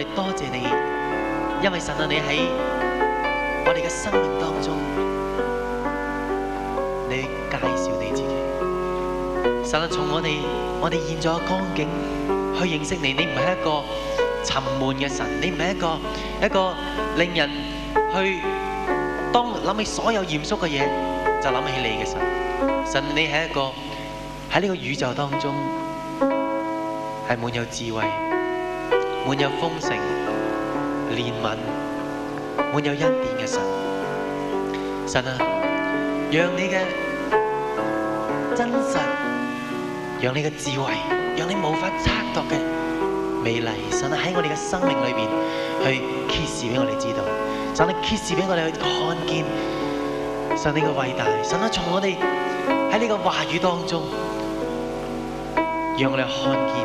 我哋多謝你，因為神啊，你喺我哋嘅生命當中，你介紹你自己，神啊，從我哋我哋現在嘅光景去認識你，你唔係一個沉悶嘅神，你唔係一個一個令人去當諗起所有嚴肅嘅嘢，就諗起你嘅神，神你係一個喺呢個宇宙當中係滿有智慧。滿有豐盛、憐憫、滿有恩典嘅神，神啊，讓你嘅真實，讓你嘅智慧，讓你無法測度嘅美麗，神啊喺我哋嘅生命裏面去揭示俾我哋知道，神啊揭示俾我哋去看見，神你嘅偉大，神啊從、啊、我哋喺呢個話語當中，讓我哋看見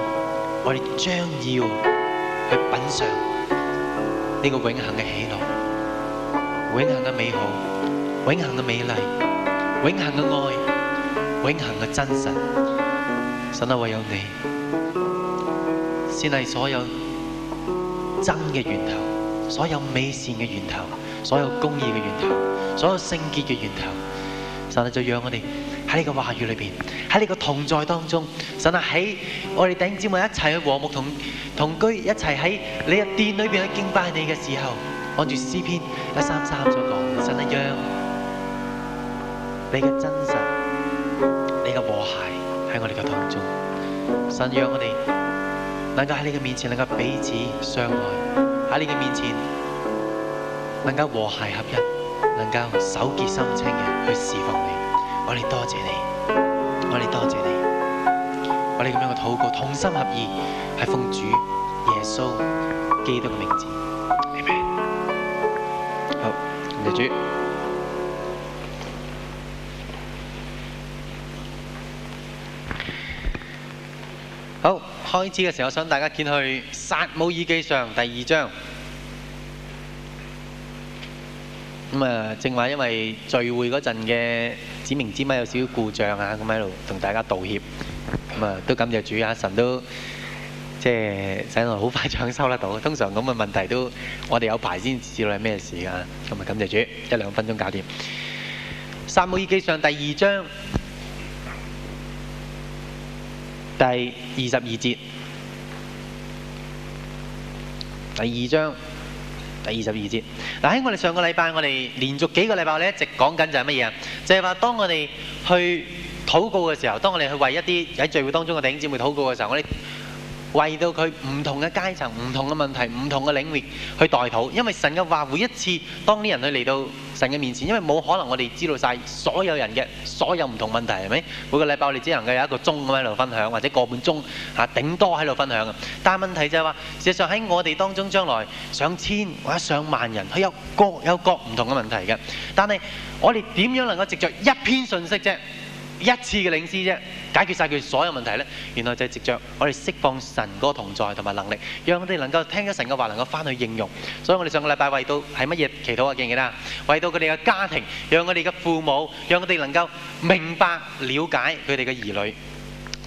我哋將要。去品嘗呢個永恒嘅喜樂、永恒嘅美好、永恒嘅美麗、永恒嘅愛、永恒嘅真實。神啊，唯有你先係所有真嘅源頭，所有美善嘅源頭，所有公義嘅源頭，所有聖潔嘅源頭。神啊，就讓我哋。喺你嘅話語裏邊，喺你嘅同在當中，神啊，喺我哋弟兄姊妹一齊去和睦同同居，一齊喺你嘅殿裏邊去敬拜你嘅時候，按住詩篇一三三所講，神啊，讓你嘅真實、你嘅和諧喺我哋嘅當中，神讓我哋能夠喺你嘅面前能夠彼此相愛，喺你嘅面前能夠和諧合一，能夠手潔心清嘅去侍奉你。我哋多謝你，我哋多謝你，我哋咁樣嘅禱告，同心合意，係奉主耶穌基督嘅名字，阿門。好，嚟主。好，開始嘅時候，我想大家見去撒母耳記上第二章。咁啊，正話因為聚會嗰陣嘅。指明之咪有少少故障啊，咁喺度同大家道歉，咁啊都感謝主啊，神都即係使我好快搶收得到。通常咁嘅問題都我哋有排先知道係咩事噶，咁啊感謝主，一兩分鐘搞掂。撒母耳記上第二章，第二十二節，第二章。第二十二節。嗱，喺我哋上個禮拜，我哋連續幾個禮拜咧一直講緊就係乜嘢啊？就係話，當我哋去禱告嘅時候，當我哋去為一啲喺聚會當中嘅弟兄姊妹禱告嘅時候，我哋。為到佢唔同嘅階層、唔同嘅問題、唔同嘅領域去代禱，因為神嘅話每一次當啲人去嚟到神嘅面前，因為冇可能我哋知道晒所有人嘅所有唔同問題，係咪？每個禮拜我哋只能夠有一個鐘咁樣喺度分享，或者個半鐘嚇，頂多喺度分享啊！但係問題就係話，事實上喺我哋當中，將來上千或者上萬人，佢有各有各唔同嘅問題嘅。但係我哋點樣能夠藉著一篇信息啫，一次嘅領事啫？解決晒佢所有問題呢，原來就係藉着我哋釋放神嗰個同在同埋能力，讓我哋能夠聽咗神嘅話，能夠翻去應用。所以我哋上個禮拜為到係乜嘢祈禱啊？記唔記得啊？為到佢哋嘅家庭，讓我哋嘅父母，讓我哋能夠明白了解佢哋嘅兒女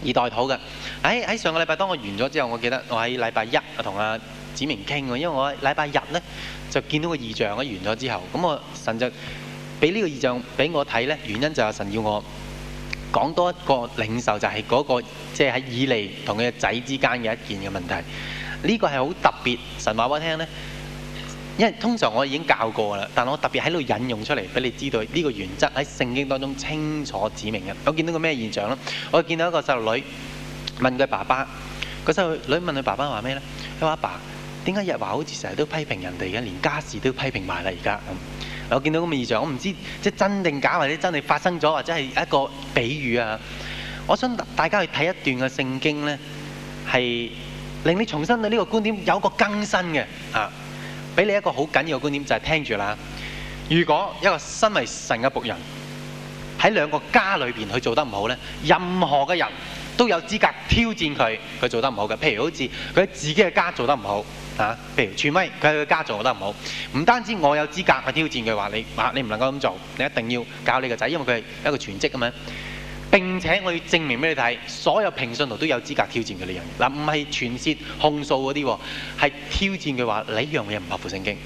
而代禱嘅。喺、哎、喺上個禮拜當我完咗之後，我記得我喺禮拜一我同阿子明傾喎，因為我喺禮拜日呢就見到異就個異象我。我完咗之後，咁我神就俾呢個異象俾我睇呢，原因就係神要我。講多一個領受，就係嗰個，即係喺以利同佢仔之間嘅一件嘅問題。呢個係好特別，神話我聽呢，因為通常我已經教過啦，但我特別喺度引用出嚟俾你知道呢個原則喺聖經當中清楚指明嘅。我見到個咩現象咧？我見到一個細路女問佢爸爸，個細路女問佢爸爸話咩呢？佢話：阿爸，點解日華好似成日都批評人哋嘅，連家事都批評埋啦而家。我見到咁嘅異常，我唔知即真定假，或者真係發生咗，或者係一個比喻啊。我想大家去睇一段嘅聖經呢，係令你重新對呢個觀點有個更新嘅啊。俾你一個好緊要嘅觀點就係、是、聽住啦。如果一個身為神嘅僕人喺兩個家裏邊佢做得唔好呢，任何嘅人，都有資格挑戰佢，佢做得唔好嘅。譬如好似佢喺自己嘅家做得唔好，啊，譬如傳麥佢喺佢家做得唔好，唔單止我有資格去挑戰佢話你，啊，你唔能夠咁做，你一定要教你個仔，因為佢係一個全職咁樣。並且我要證明俾你睇，所有平信徒都有資格挑戰佢呢樣，嗱，唔係傳説控訴嗰啲，係挑戰佢話你一樣嘢唔合乎聖經。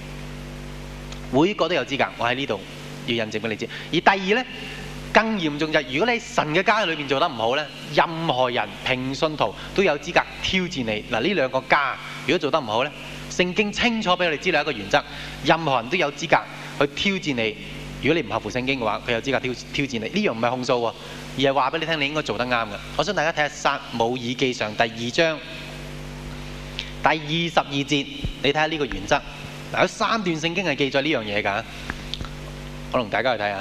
每個都有資格，我喺呢度要印證俾你知。而第二呢。更嚴重就係，如果你喺神嘅家裏邊做得唔好呢，任何人平信徒都有資格挑戰你。嗱，呢兩個家如果做得唔好呢，聖經清楚俾我哋知道一個原則，任何人都有資格去挑戰你。如果你唔合乎聖經嘅話，佢有資格挑挑戰你。呢樣唔係控訴喎，而係話俾你聽，你應該做得啱嘅。我想大家睇下撒母耳記上第二章第二十二節，你睇下呢個原則。嗱，有三段聖經係記載呢樣嘢㗎，我同大家去睇下。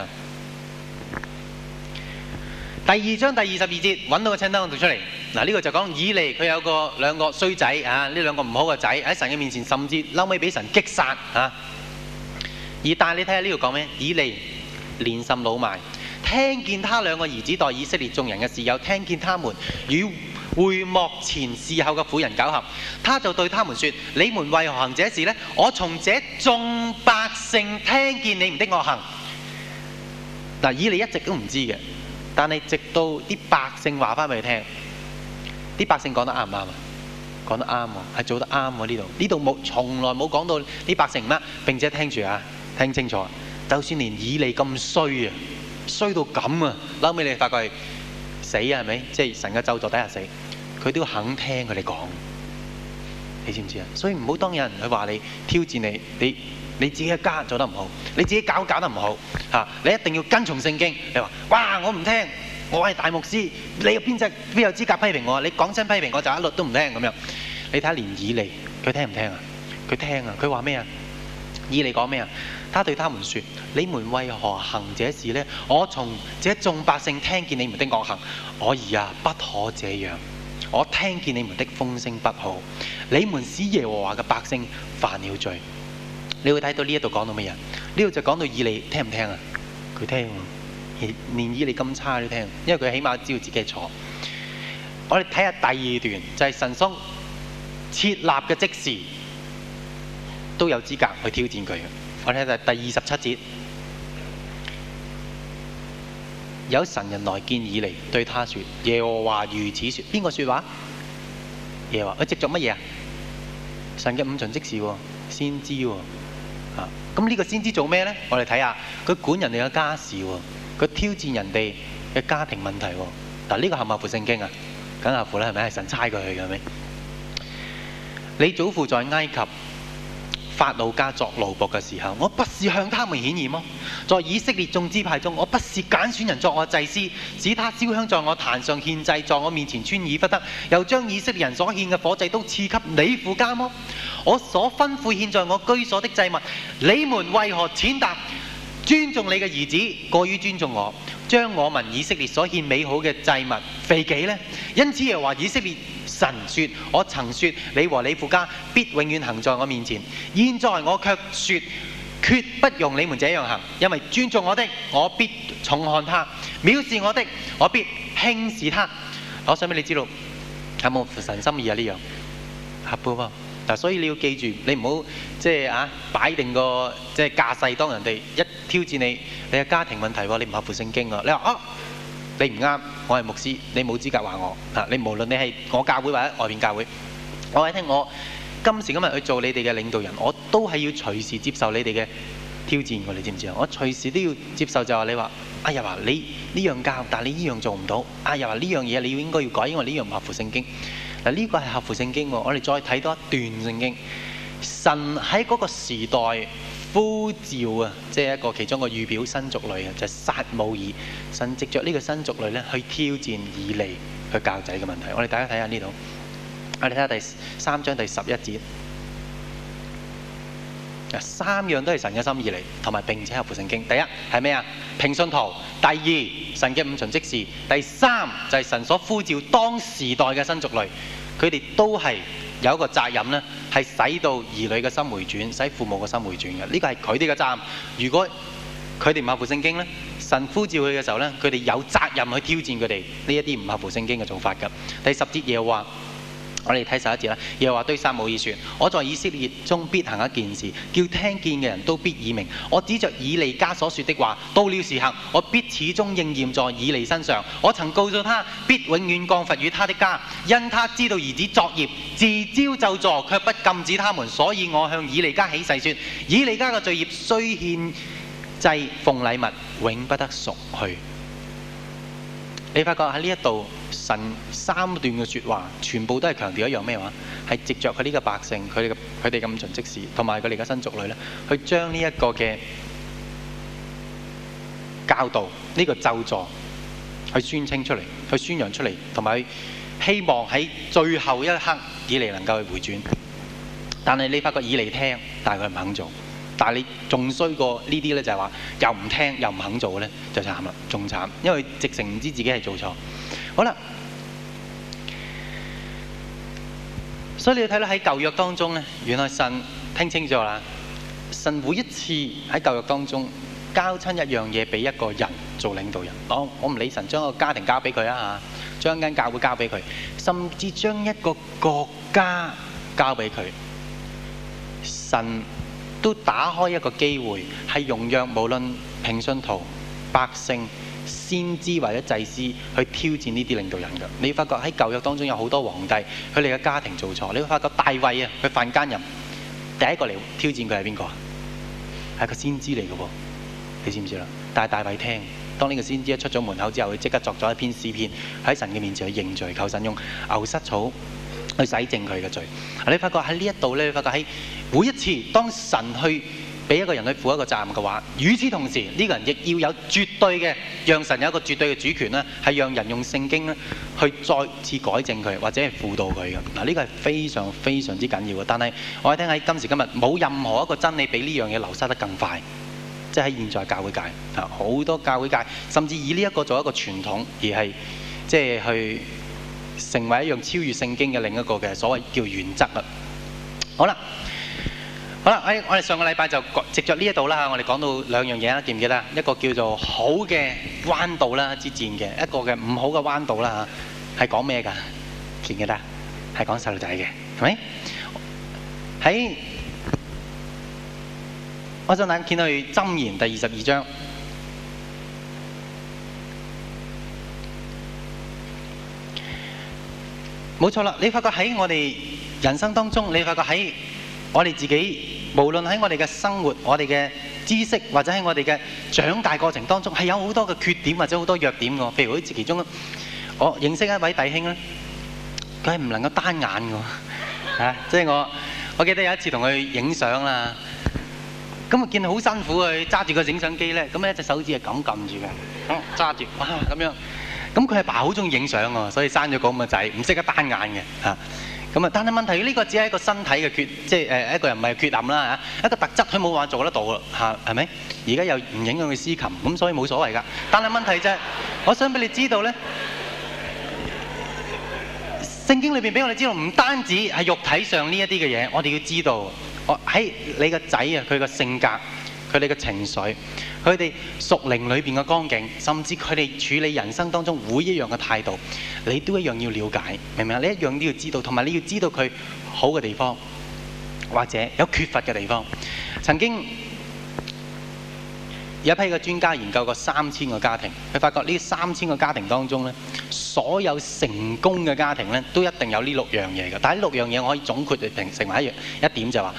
第二章第二十二節揾到個清單，我讀出嚟嗱。呢個就講以利，佢有個兩個衰仔啊，呢兩個唔好嘅仔喺神嘅面前，甚至嬲尾俾神擊殺啊。而但係你睇下呢度講咩？以利年甚老邁，聽見他兩個兒子代以色列眾人嘅事，又聽見他們與會幕前侍候嘅婦人苟合，他就對他們說：你們為何行這事呢？我從這眾百姓聽見你們的惡行嗱。以利一直都唔知嘅。但係直到啲百姓話翻俾你聽，啲百姓講得啱唔啱啊？講得啱喎，係做得啱喎呢度。呢度冇，從來冇講到啲百姓唔啱。並且聽住啊，聽清楚，就算連以利咁衰啊，衰到咁啊，嬲尾你發覺係死啊，係咪？即係神嘅咒詛底下死，佢都肯聽佢哋講。你知唔知啊？所以唔好當有人去話你挑戰你，你。你自己一家做得唔好，你自己搞搞得唔好，嚇你一定要跟從聖經。你話哇，我唔聽，我係大牧師，你邊隻邊有資格批評我？你講真批評我就一律都唔聽咁樣。你睇下連以利，佢聽唔聽，聽啊？佢聽啊！佢話咩啊？以利講咩啊？他對他們說：你們為何行這事呢？我從這眾百姓聽見你們的惡行，我兒啊，不可這樣！我聽見你們的風聲不好，你們使耶和華嘅百姓犯了罪。你會睇到呢一度講到乜嘢？呢度就講到以利，聽唔聽啊？佢聽，連連以利咁差都聽，因為佢起碼知道自己係錯的。我哋睇下第二段，就係、是、神鬆設立嘅職事都有資格去挑戰佢。我睇就第二十七節，有神人來見以利，對他説：耶和華如此説。邊個説話？耶和華佢藉著乜嘢啊？神嘅五旬即時先知喎。啊！咁呢個先知做咩咧？我哋睇下佢管人哋嘅家事喎，佢挑戰人哋嘅家庭問題喎。嗱、這個，呢個合唔合乎聖經啊？梗係合乎啦，係咪？神猜過去嘅係咪？你祖父在埃及。法老家作奴僕嘅時候，我不是向他們顯現麼？在以色列眾支派中，我不是揀選人作我祭司，使他燒香在我壇上獻祭，在我面前穿耳不得，又將以色列人所獻嘅火祭都賜給你父家麼？我所吩咐獻在我居所的祭物，你們為何踐踏？尊重你嘅兒子過於尊重我，將我民以色列所獻美好嘅祭物肥己呢？因此又話以色列神說：我曾說你和你父家必永遠行在我面前，現在我卻說決不容你們這樣行，因為尊重我的，我必重看他；藐視我的，我必輕視他。我想俾你知道，有冇神心意啊？呢樣所以你要記住，你唔好即係啊，擺定個即係、啊、架勢，當人哋一挑戰你，你嘅家庭問題喎，你唔合乎聖經喎。你話哦、啊，你唔啱，我係牧師，你冇資格話我。啊，你無論你係我教會或者外邊教會，我話你聽，我今時今日去做你哋嘅領導人，我都係要隨時接受你哋嘅挑戰嘅，你知唔知啊？我隨時都要接受，就話、是、你話，啊又話你呢樣教，但係你依樣做唔到，啊又話呢樣嘢你要應該要改，因為呢樣唔合乎聖經。嗱，呢個係合乎聖經喎。我哋再睇多一段聖經，神喺嗰個時代呼召啊，即係一個其中個預表新族類啊，就係撒母耳。神藉着呢個新族類咧，去挑戰以利去教仔嘅問題。我哋大家睇下呢度，我哋睇下第三章第十一節。三樣都係神嘅心意嚟，同埋並且合乎聖經。第一係咩啊？平信徒。第二神嘅五旬即時。第三就係、是、神所呼召當時代嘅新族類，佢哋都係有一個責任呢，係使到兒女嘅心回轉，使父母嘅心回轉嘅。呢、這個係佢哋嘅責任。如果佢哋唔合乎聖經呢，神呼召佢嘅時候呢，佢哋有責任去挑戰佢哋呢一啲唔合乎聖經嘅做法㗎。第十節嘢話。我哋睇十一節啦，又話對撒母耳説：我在以色列中必行一件事，叫聽見嘅人都必耳鳴。我指着以利家所説的話，到了時刻，我必始終應驗在以利身上。我曾告訴他，必永遠降罰於他的家，因他知道兒子作孽，自招咒詛，卻不禁止他們。所以我向以利家起誓説：以利家嘅罪孽，雖獻祭奉禮物，永不得贖去。你發覺喺呢一度。神三段嘅説話，全部都係強調一樣咩話？係藉着佢呢個百姓，佢哋嘅佢哋咁盡職事，同埋佢哋嘅新族女，咧，去將呢一個嘅教導呢個咒詛去宣稱出嚟，去宣揚出嚟，同埋希望喺最後一刻以嚟能夠去回轉。但係你發覺以嚟聽，但係佢唔肯做。但係你仲衰過呢啲咧，就係話又唔聽又唔肯做嘅咧，就慘啦，仲慘，因為直情唔知自己係做錯。好啦。先知或者祭司去挑戰呢啲領導人㗎，你發覺喺舊約當中有好多皇帝，佢哋嘅家庭做錯，你發覺大衛啊，佢犯奸淫，第一個嚟挑戰佢係邊個？係個先知嚟嘅喎，你知唔知啦？但係大衛聽，當呢個先知一出咗門口之後，佢即刻作咗一篇詩篇喺神嘅面前去認罪，求神用牛膝草去洗淨佢嘅罪。你發覺喺呢一度咧，你發覺喺每一次當神去俾一個人去負一個責任嘅話，與此同時呢、呢個人亦要有絕對嘅，讓神有一個絕對嘅主權呢，係讓人用聖經去再次改正佢或者係輔導佢嘅嗱，呢、呢個係非常非常之緊要嘅。但係我哋聽喺今時今日，冇任何一個真理比呢樣嘢流失得更快，即係喺現在教會界好多教會界甚至以呢一個做一個傳統而係即係去成為一樣超越聖經嘅另一個嘅所謂叫原則。好啦。好啦，誒，我哋上個禮拜就藉著呢一度啦，我哋講到兩樣嘢啦，記唔記得？一個叫做好嘅彎道啦之戰嘅，一個嘅唔好嘅彎道啦嚇，係講咩噶？記唔記得？係講細路仔嘅，係咪？喺，我想眼見到《箴言》第二十二章。冇錯啦，你發覺喺我哋人生當中，你發覺喺。我哋自己無論喺我哋嘅生活、我哋嘅知識或者喺我哋嘅長大過程當中，係有好多嘅缺點或者好多弱點㗎。譬如好似其中，我認識一位弟兄咧，佢係唔能夠單眼㗎，嚇， 啊！即係我，我記得有一次同佢影相啦，咁啊見到好辛苦佢揸住個影相機咧，咁一隻手指係咁撳住嘅，揸 住，嗯，哇，啊，咁樣。咁佢阿爸好中意影相㗎，所以生咗個咁嘅仔，唔識得單眼嘅，嚇，啊。咁但係問題呢，這個只係一個身體嘅缺陷，即係一個人唔係缺陷啦，一個特質佢冇話做得到啦，係咪？而家又唔影響佢司琴，咁所以冇所謂㗎。但係問題係，我想俾你知道呢，聖經裏面俾我哋知道，唔單止係肉體上呢一啲嘅嘢，我哋要知道，喺、hey, 你個仔啊，佢個性格。佢哋嘅情緒，佢哋屬靈裏面嘅光景，甚至佢哋處理人生當中每一樣嘅態度，你都一樣要了解，明唔明啊？你一樣都要知道，同埋你要知道佢好嘅地方，或者有缺乏嘅地方。曾經有一批嘅專家研究過三千個家庭，佢發覺呢三千個家庭當中呢，所有成功嘅家庭呢，都一定有呢六樣嘢嘅。但係六樣嘢我可以總括成成為一樣一點就係話，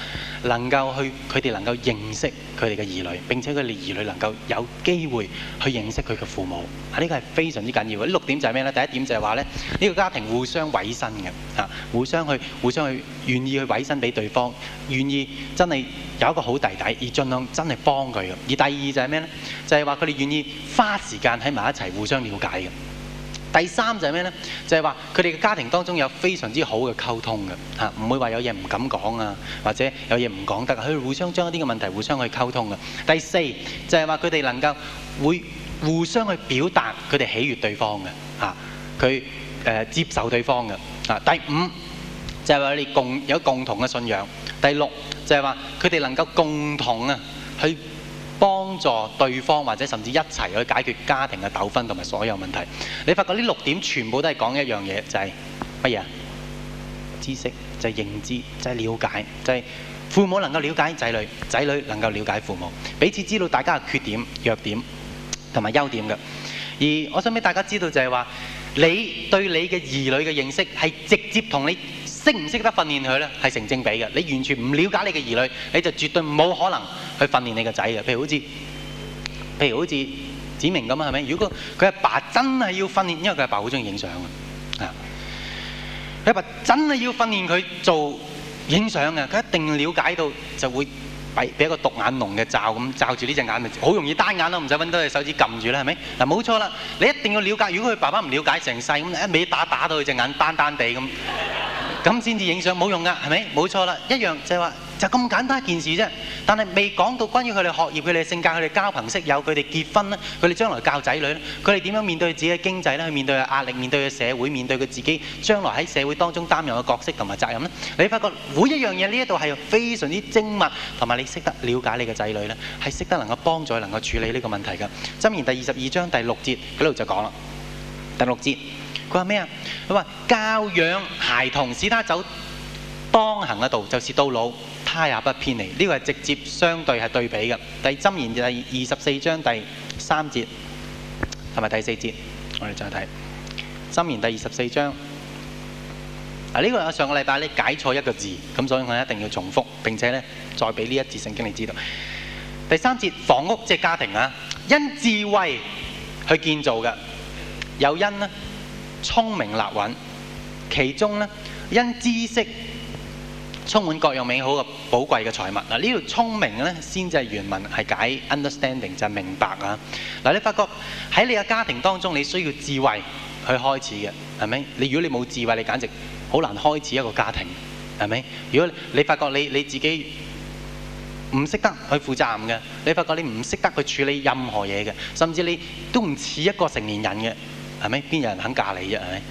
能夠去，佢哋能夠認識佢哋嘅兒女，並且佢哋兒女能夠有機會去認識佢嘅父母。啊，呢個係非常之緊要嘅。六點就係咩咧？第一點就係話咧，呢、呢個家庭互相委身嘅，啊，互相去，互相去，願意去委身俾對方，願意真係有一個好弟弟而盡量真係幫佢咁。而第二就係咩咧？就係話佢哋願意花時間喺埋一齊互相了解嘅。第三就係咩呢？就係話佢哋嘅家庭當中有非常之好嘅溝通嘅嚇，唔會話有嘢唔敢講啊，或者有嘢唔講得，佢哋互相將一啲嘅問題互相去溝通嘅。第四就係話佢哋能夠會互相去表達佢哋喜悅對方嘅嚇，佢誒接受對方嘅嚇。第五就係話佢哋共有共同嘅信仰。第六就係話佢哋能夠共同啊去。幫助對方或者甚至一齊去解決家庭嘅糾紛同埋所有問題。你發覺呢六點全部都係講一樣嘢，就係乜嘢？知識就係認知，就係了解，就係父母能夠了解仔女，仔女能夠了解父母，彼此知道大家嘅缺點、弱點同埋優點嘅。而我想俾大家知道就係話，你對你嘅兒女嘅認識係直接同你。識唔識得訓練佢呢？係成正比嘅。你完全唔了解你嘅兒女，你就絕對冇可能去訓練你個仔嘅。譬如好似，譬如好似子明咁啊，係咪？如果佢阿爸真係要訓練，因為佢阿爸好中意影相啊。佢阿爸真係要訓練佢做影相嘅，佢一定要了解到就會俾一個獨眼龍嘅罩咁罩住呢隻眼，咪好容易單眼都唔使揾到隻手指撳住啦，係咪？嗱冇錯啦，你一定要了解。如果佢爸爸唔了解成世咁，一味打打到佢隻眼單單地咁。咁先至影相冇用噶，係咪？冇錯啦，一樣就係話就咁簡單一件事啫。但係未講到關於佢哋學業、佢哋性格、佢哋交朋識友、佢哋結婚咧，佢哋將來教仔女咧，佢哋點樣面對自己嘅經濟咧，去面對嘅壓力、面對嘅社會、面對佢自己將來喺社會當中擔任嘅角色同埋責任咧。你發覺每一樣嘢呢一度係非常之精密，同埋你識得了解你嘅仔女咧，係識得能夠幫助、能夠處理呢個問題㗎。箴言第二十二章第六節，嗰度就講啦，第六節。佢話咩啊？佢話教養孩童，使他走當行嘅道，就是到老他也不偏離。呢個係直接相對係對比嘅。第箴言第二十四章第三節係咪第四節？我哋再睇箴言第二十四章啊。呢、這個我上個禮拜咧解錯一個字咁，所以我一定要重複並且咧再俾呢一節聖經你知道。第三節房屋即係、就是、家庭啊，因智慧去建造嘅，有因啦。聰明立穩，其中咧因知識充滿各樣美好嘅寶貴嘅財物嗱，呢、啊、個聰明咧先至係原文係解 understanding 就係明白啊嗱、啊，你發覺喺你嘅家庭當中你需要智慧去開始嘅係咪？你如果你冇智慧，你簡直好難開始一個家庭係咪？如果你發覺你你自己唔識得去負責任嘅，你發覺你唔識得去處理任何嘢嘅，甚至你都唔似一個成年人嘅。係咪？邊有人肯嫁你啫？係咪？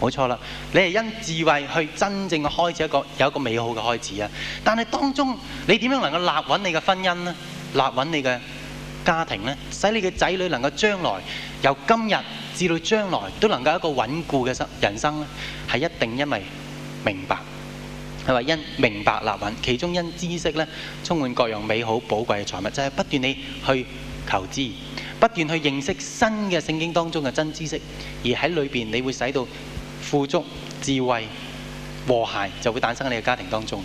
冇錯啦！你係因智慧去真正嘅開始一個有一個美好嘅開始啊！但係當中你點樣能夠立穩你嘅婚姻呢？立穩你嘅家庭呢？使你嘅仔女能夠將來由今日至到將來都能夠一個穩固嘅人生呢，係一定因為明白係咪？因明白立穩，其中因知識呢充滿各樣美好寶貴嘅財物，就係不斷你去。投資，不斷去認識新嘅聖經當中嘅真知識，而喺裏邊你會使到富足、智慧、和諧就會誕生喺你嘅家庭當中。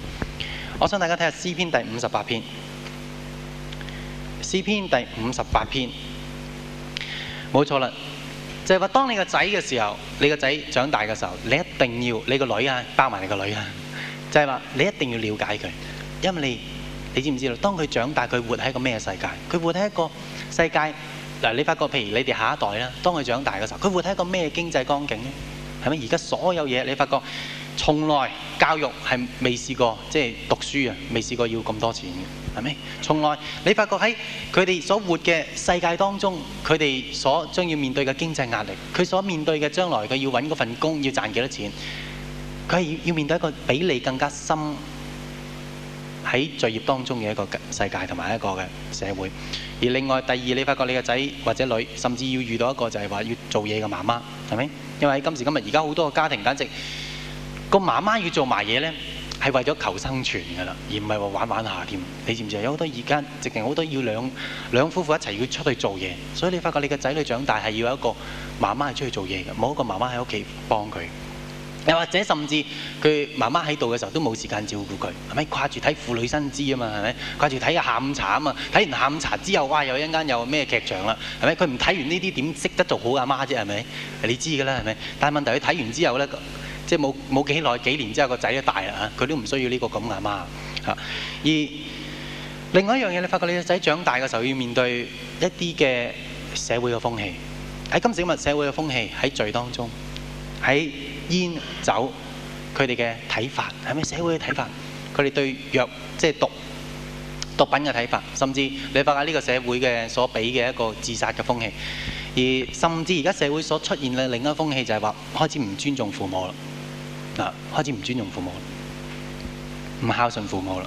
我想大家睇下詩篇第五十八篇，詩篇第五十八篇，冇錯啦，就係話當你個仔嘅時候，你個仔長大嘅時候，你一定要你個女啊，包埋你個女啊，就係話你一定要了解佢，因為你。你知唔知道？當佢長大，佢活喺個咩世界？佢活喺一個世界。嗱，你發覺，譬如你哋下一代啦，當佢長大嘅時候，佢活喺一個咩經濟光景呢？係咪？而家所有嘢，你發覺從來教育係未試過，即係讀書啊，未試過要咁多錢嘅，係咪？從來你發覺喺佢哋所活嘅世界當中，佢哋所將要面對嘅經濟壓力，佢所面對嘅將來佢要揾嗰份工要賺幾多錢，佢係要面對一個比你更加深。喺罪業當中嘅一個世界同埋一個嘅社會，而另外第二，你發覺你嘅仔或者女，甚至要遇到一個就係話要做嘢嘅媽媽，係咪？因為今時今日，而家好多個家庭簡直個媽媽要做埋嘢呢，係為咗求生存㗎啦，而唔係話玩玩下添。你知唔知啊？有好多而家直情好多要兩兩夫婦一齊要出去做嘢，所以你發覺你嘅仔女長大係要有一個媽媽係出去做嘢嘅，冇一個媽媽喺屋企幫佢。又或者甚至佢媽媽喺度嘅時候都冇時間照顧佢，係咪掛住睇婦女新姿啊嘛？係咪掛住睇下下午茶啊嘛？睇完下午茶之後，哇！又一間有咩劇場啦？係咪佢唔睇完呢啲點識得做好阿媽啫？係咪？你知㗎啦？係咪？但係問題佢睇完之後咧，即係冇冇幾耐幾年之後個仔都大啦嚇，佢都唔需要呢個咁阿媽嚇。而另外一樣嘢，你發覺你嘅仔長大嘅時候要面對一啲嘅社會嘅風氣，喺今時今日社會嘅風氣喺聚當中喺。煙酒，佢哋嘅睇法係咪社會嘅睇法？佢哋對藥即係毒毒品嘅睇法，甚至你發覺呢個社會嘅所俾嘅一個自殺嘅風氣，而甚至而家社會所出現嘅另一風氣就係話開始唔尊重父母啦，嗱開始唔尊重父母啦，唔孝順父母啦。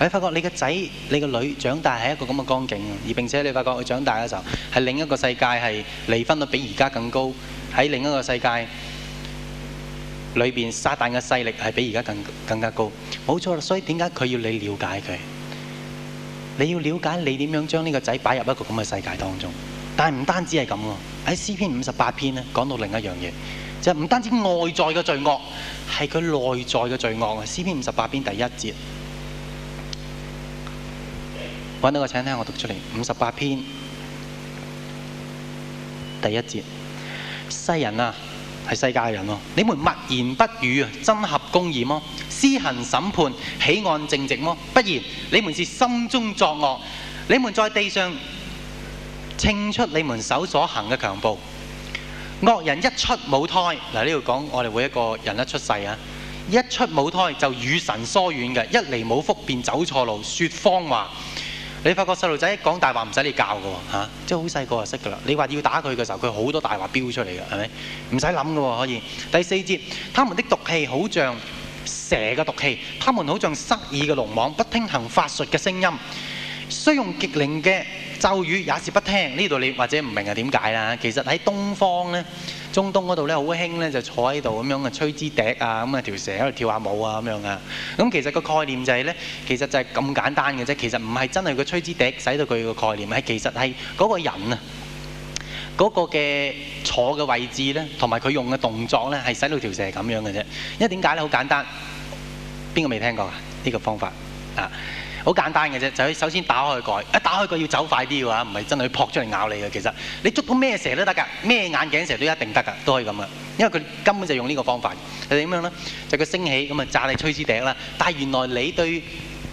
你發覺你個仔你個女長大係一個咁嘅光景，而並且你發覺佢長大嘅時候係另，另一個世界，係離婚率比而家更高，喺另一個世界。裏面撒旦嘅勢力係比而家更，更加高，冇錯。所以點解佢要你了解佢？你要了解你點樣將呢個仔擺入一個咁嘅世界當中。但係唔單止係咁喎。喺詩篇五十八篇咧講到另一樣嘢，就唔、是、單止外在嘅罪惡，係佢內在嘅罪惡。詩篇五十八篇第一節，揾到個，請聽我讀出嚟。五十八篇第一節，世人啊！係世界的人咯，你們默言不語啊，真合公義麼？施行審判，豈按正直麼？不然，你們是心中作惡。你們在地上稱出你們手所行嘅強暴。惡人一出母胎，嗱，呢度講我哋每一個人一出世啊，一出母胎就與神疏遠嘅，一離母腹便走錯路，説謊話。你發覺細路仔一講大話唔使你教嘅喎吓，即係好細個就識㗎啦。你話要打佢嘅時候，佢好多大話飆出嚟嘅，係咪？唔使諗嘅喎，可以。第四節，他們的毒氣好像蛇嘅毒氣，他們好像塞耳嘅聾虺，不聽行法術嘅聲音，雖用極靈嘅。咒語也是不聽，呢度你或者唔明係點解啦？其實喺東方咧，中東嗰度咧好興咧，就坐喺度咁樣嘅吹支笛啊，咁啊條蛇喺度跳下舞啊咁樣啊。咁其實個概念就係、是、咧，其實就係咁簡單嘅啫。其實唔係真係個吹支笛使到佢個概念，係其實係嗰個人啊，嗰、那個嘅坐嘅位置咧，同埋佢用嘅動作咧，係使到條蛇係咁樣嘅啫。因為點解咧？好簡單，邊個未聽過啊？呢個方法啊！好簡單嘅啫，就去首先打開蓋，一打開蓋要走快啲嘅話，唔係真係去撲出嚟咬你嘅。其實你捉到咩蛇都得㗎，咩眼鏡蛇都一定得㗎，都可以咁啊。因為佢根本就用呢個方法，係點樣咧？就佢升起，咁啊炸你吹支笛啦。但係原來你對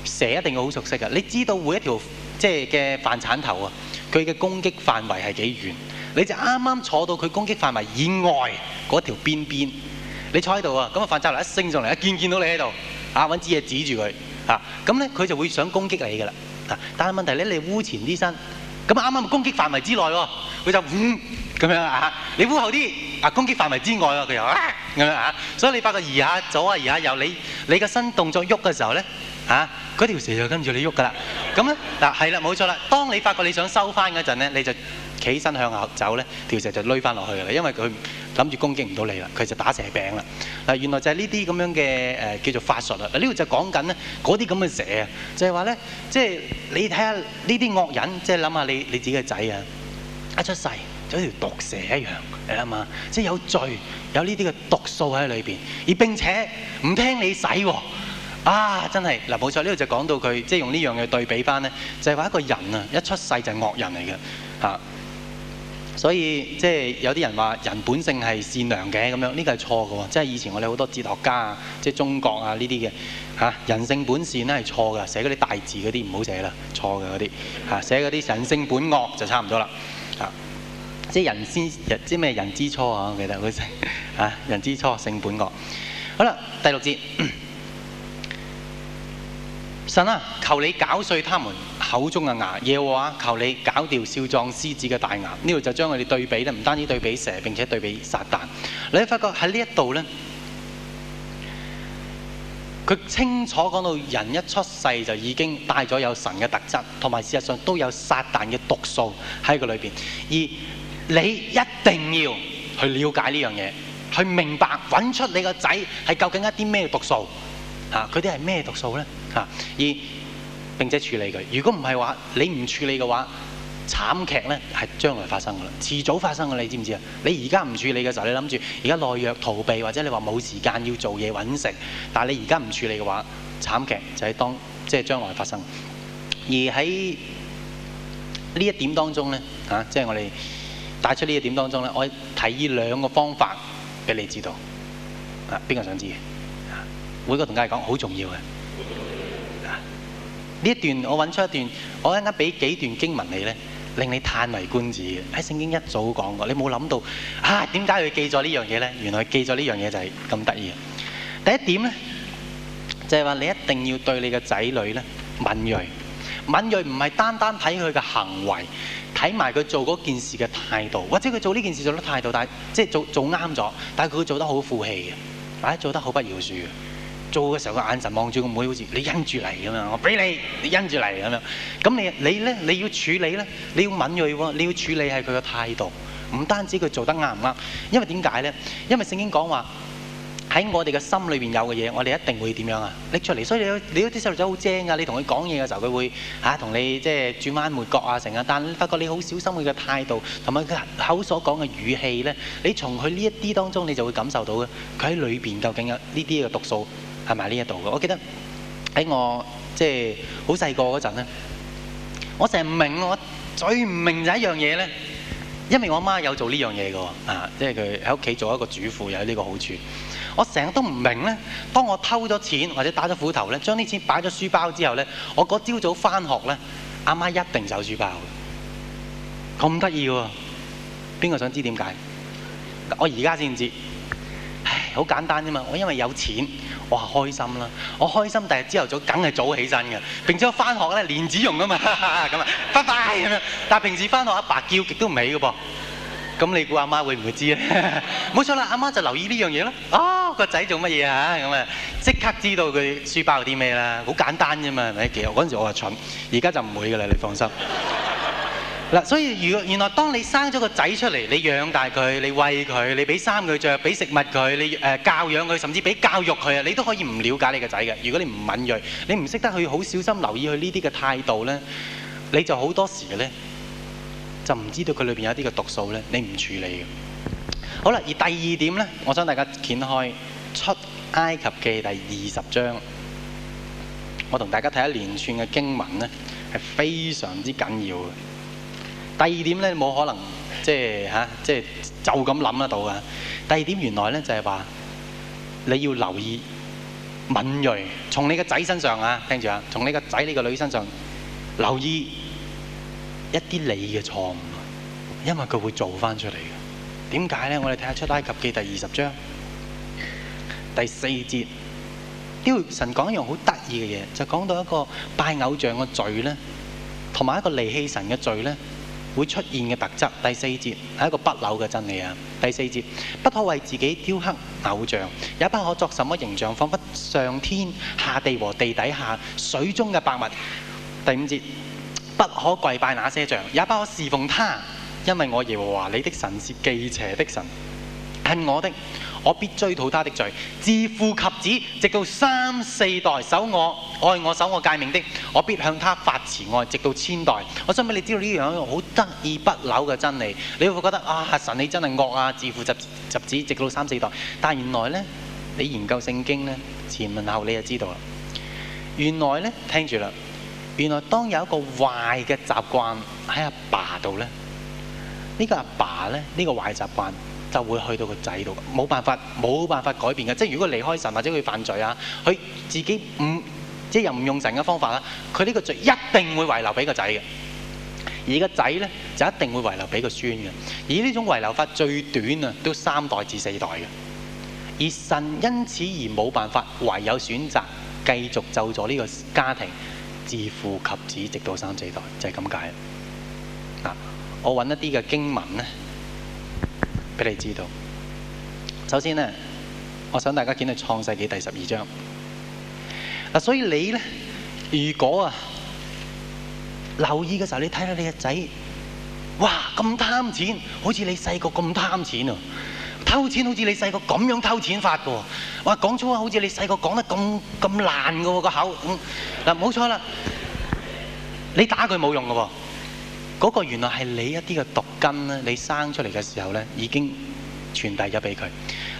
蛇一定會好熟悉㗎，你知道每一條即係嘅飯鏟頭啊，佢嘅攻擊範圍係幾遠？你就啱啱坐到佢攻擊範圍以外嗰條邊邊，你坐喺度啊，咁啊飯扎嚟一升上嚟，一見見到你喺度啊，揾支嘢指住佢。啊，咁咧佢就會想攻擊你㗎啦。啊，但係問題咧，你污前啲身，咁啱啱攻擊範圍之內喎、啊，佢就嗯咁樣啊。你污後啲，啊攻擊範圍之外喎、啊，佢又啊咁樣啊。所以你發覺移下左啊，移下右，你你個身動作喐嘅時候咧，啊，嗰條蛇就跟住你喐㗎啦。咁咧嗱，係、啊、啦，冇錯啦。當你發覺你想收翻嗰陣咧，你就，企起身向後走咧，條蛇就攆翻落去啦。因為佢諗住攻擊唔到你啦，佢就打蛇餅啦。嗱，原來就係呢啲咁樣嘅誒、呃、叫做法術啦。呢度就講緊呢嗰啲咁嘅蛇啊，就係話咧，即係你睇下呢啲惡人，即係諗下你你自己嘅仔啊，一出世就好似毒蛇一樣，你諗下，即係有罪，有呢啲嘅毒素喺裏邊，而並且唔聽你使喎、啊。啊，真係嗱，冇錯，呢度就講到佢即係用呢樣嘢對比翻咧，就係話一個人啊，一出世就係惡人嚟嘅嚇。啊。所以即係有啲人話人本性係善良嘅咁樣，呢個係錯嘅喎。即係以前我哋好多哲學家啊，即係中國啊呢啲嘅嚇，人性本善咧係錯嘅，寫嗰啲大字嗰啲唔好寫啦，錯嘅嗰啲嚇，寫嗰啲人性本惡就差唔多啦嚇。即係人之人知咩人之初啊？我記得好似嚇，人之初性本惡。好啦，第六節。神啊，求你搞碎他們口中嘅牙。耶和華，求你搞掉少壯獅子嘅大牙。呢度就將佢哋對比咧，唔單止對比蛇，並且對比撒旦。你發覺喺呢一度咧，佢清楚講到人一出世就已經帶咗有神嘅特質，同埋事實上都有撒旦嘅毒素喺個裏邊。而你一定要去了解呢樣嘢，去明白揾出你個仔係究竟一啲咩毒素。嚇，佢啲係咩毒素呢？嚇，而並且處理佢。如果唔係話，你唔處理嘅話，慘劇呢係將來發生嘅啦，遲早發生嘅。你知唔知啊？你而家唔處理嘅時候，你諗住而家懦弱逃避，或者你話冇時間要做嘢揾食。但係你而家唔處理嘅話，慘劇就係當即係、就是、將來發生。而喺呢一點當中呢，嚇、啊，即、就、係、是、我哋帶出呢一點當中呢，我提兩個方法俾你知道。啊，邊個想知？每個同家講好重要嘅，呢一段我揾出一段，我一陣間俾幾段經文你咧，令你歎為觀止嘅。喺聖經一早講過，你冇諗到啊？點解佢記咗呢樣嘢咧？原來記咗呢樣嘢就係咁得意。第一點咧，就係話你一定要對你嘅仔女咧敏鋭。敏鋭唔係單單睇佢嘅行為，睇埋佢做嗰件事嘅態度，或者佢做呢件事做得態度，但係即係做做啱咗，但係佢會做得好負氣嘅，或者做得好不饒恕嘅。做嘅時候，個眼神望住個妹妹，好似你因住嚟咁樣。我俾你，你因住嚟咁樣。咁你你咧，你要處理咧，你要敏鋭喎。你要處理係佢個態度，唔單止佢做得啱唔啱。因為點解咧？因為聖經講話喺我哋嘅心裏邊有嘅嘢，我哋一定會點樣啊？拎出嚟。所以你你啲細路仔好精噶。你同佢講嘢嘅時候，佢會嚇同你即係轉彎抹角啊，成啊。但你發覺你好小心佢嘅態度同埋佢口所講嘅語氣咧，你從佢呢一啲當中，你就會感受到嘅。佢喺裏邊究竟有呢啲嘅毒素。係埋呢一度嘅。我記得喺我即係好細個嗰陣咧，我成日唔明，我最唔明就係一樣嘢咧。因為我阿媽有做呢樣嘢嘅喎，啊，即係佢喺屋企做一個主婦有呢個好處。我成日都唔明咧，當我偷咗錢或者打咗斧頭咧，將啲錢擺咗書包之後咧，我嗰朝早翻學咧，阿媽一定收書包咁得意喎，邊個想知點解？我而家先知，唉，好簡單啫嘛。我因為有錢。哇！開心啦，我開心，但係朝頭早梗係早起身嘅，並且我翻學咧連子用啊嘛，咁啊拜拜咁樣。但係平時翻學阿爸叫極都唔起嘅噃，咁你估阿媽會唔會知咧？冇 錯啦，阿媽就留意呢樣嘢咯。哦，個仔做乜嘢嚇咁啊？即刻知道佢書包有啲咩啦，好簡單啫嘛，係咪？其實嗰陣時我係蠢，而家就唔會嘅啦，你放心。嗱，所以原原來，當你生咗個仔出嚟，你養大佢，你餵佢，你俾衫佢著，俾食物佢，你、呃、教養佢，甚至俾教育佢啊，你都可以唔了解你個仔嘅。如果你唔敏鋭，你唔識得去好小心留意佢呢啲嘅態度咧，你就好多時嘅咧，就唔知道佢裏面有啲嘅毒素咧，你唔處理嘅。好啦，而第二點咧，我想大家掀開出埃及記第二十章，我同大家睇一連串嘅經文咧，係非常之緊要嘅。第二點咧，冇可能，即係嚇、啊，即係就咁諗得到啊！第二點原來咧就係、是、話，你要留意敏鋭，從你個仔身上啊，聽住啊，從你個仔、你個女身上留意一啲你嘅錯誤，因為佢會做翻出嚟嘅。點解咧？我哋睇下出埃及記第二十章第四節，啲神講一樣好得意嘅嘢，就講到一個拜偶像嘅罪咧，同埋一個離棄神嘅罪咧。會出現嘅特質。第四節係一個不朽嘅真理啊！第四節，不可為自己雕刻偶像，也不可作什麼形象，彷彿上天下地和地底下水中嘅百物。第五節，不可跪拜那些像，也不可侍奉他，因為我耶和華你的神是忌邪的神，恨我的。我必追討他的罪，自父及子，直到三四代，守我愛我守我誡命的，我必向他發慈愛，直到千代。我想俾你知道呢樣好得意不朽嘅真理，你會覺得啊，神你真係惡啊，自父及及子直到三四代。但原來呢，你研究聖經呢，前文後理就知道啦。原來呢，聽住啦，原來當有一個壞嘅習慣喺阿爸度呢，呢個阿爸呢，呢個壞習慣。就會去到個仔度，冇辦法，冇辦法改變嘅。即係如果佢離開神或者佢犯罪啊，佢自己唔即係又唔用神嘅方法啦，佢呢個罪一定會遺留俾個仔嘅，而個仔呢，就一定會遺留俾個孫嘅。而呢種遺留法最短啊都三代至四代嘅，而神因此而冇辦法，唯有選擇繼續就咗呢個家庭自父及子，直到三四代，就係咁解。我揾一啲嘅經文咧。俾你知道，首先呢，我想大家見到創世紀第十二章。嗱，所以你咧，如果啊，留意嘅時候，你睇下你個仔，哇咁貪錢，好似你細個咁貪錢啊！偷錢好似你細個咁樣偷錢法噶喎！哇，講粗啊，好似你細個講得咁咁爛噶喎，個口嗱冇錯啦，你打佢冇用噶喎。嗰個原來係你一啲嘅毒根咧，你生出嚟嘅時候咧，已經傳遞咗俾佢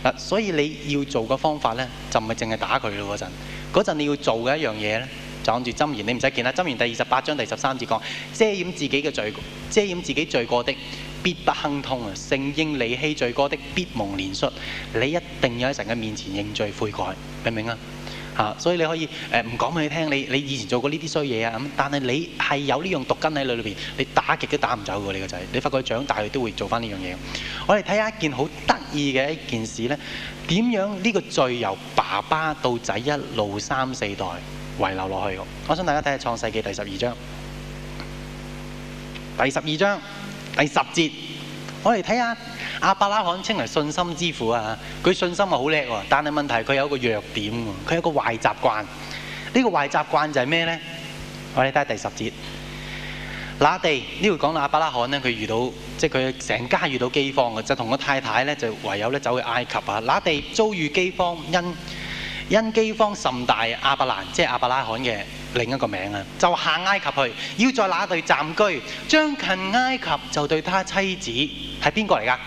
嗱，所以你要做嘅方法咧，就唔係淨係打佢咯，嗰陣，嗰陣你要做嘅一樣嘢咧，就按住箴言，你唔使見啦。箴言第二十八章第十三節講，遮掩自己嘅罪，遮掩自己罪過的必不亨通啊！承認離棄罪過的必蒙憐恤。」你一定要喺神嘅面前認罪悔改，明唔明啊？啊！所以你可以誒唔講俾佢聽，你你以前做過呢啲衰嘢啊咁，但係你係有呢樣毒根喺裏裏邊，你打極都打唔走㗎喎！你個仔，你發覺佢長大佢都會做翻呢樣嘢。我哋睇下一件好得意嘅一件事呢，點樣呢個罪由爸爸到仔一路三四代遺留落去？我想大家睇下創世記第十二章，第十二章第十節。我哋睇下阿伯拉罕稱為信心之父啊！佢信心係好叻喎，但係問題佢有一個弱點喎，佢有個壞習慣。呢個壞習慣就係咩呢？我哋睇下第十節。拿地呢度講到阿伯拉罕呢，佢遇到即係佢成家遇到饑荒嘅，就同個太太呢，就唯有呢走去埃及啊！拿地遭遇饑荒，因因饑荒甚大，亞伯蘭即係亞伯拉罕嘅另一個名啊，就下埃及去，要在哪地暫居。將近埃及就對他妻子係邊個嚟㗎？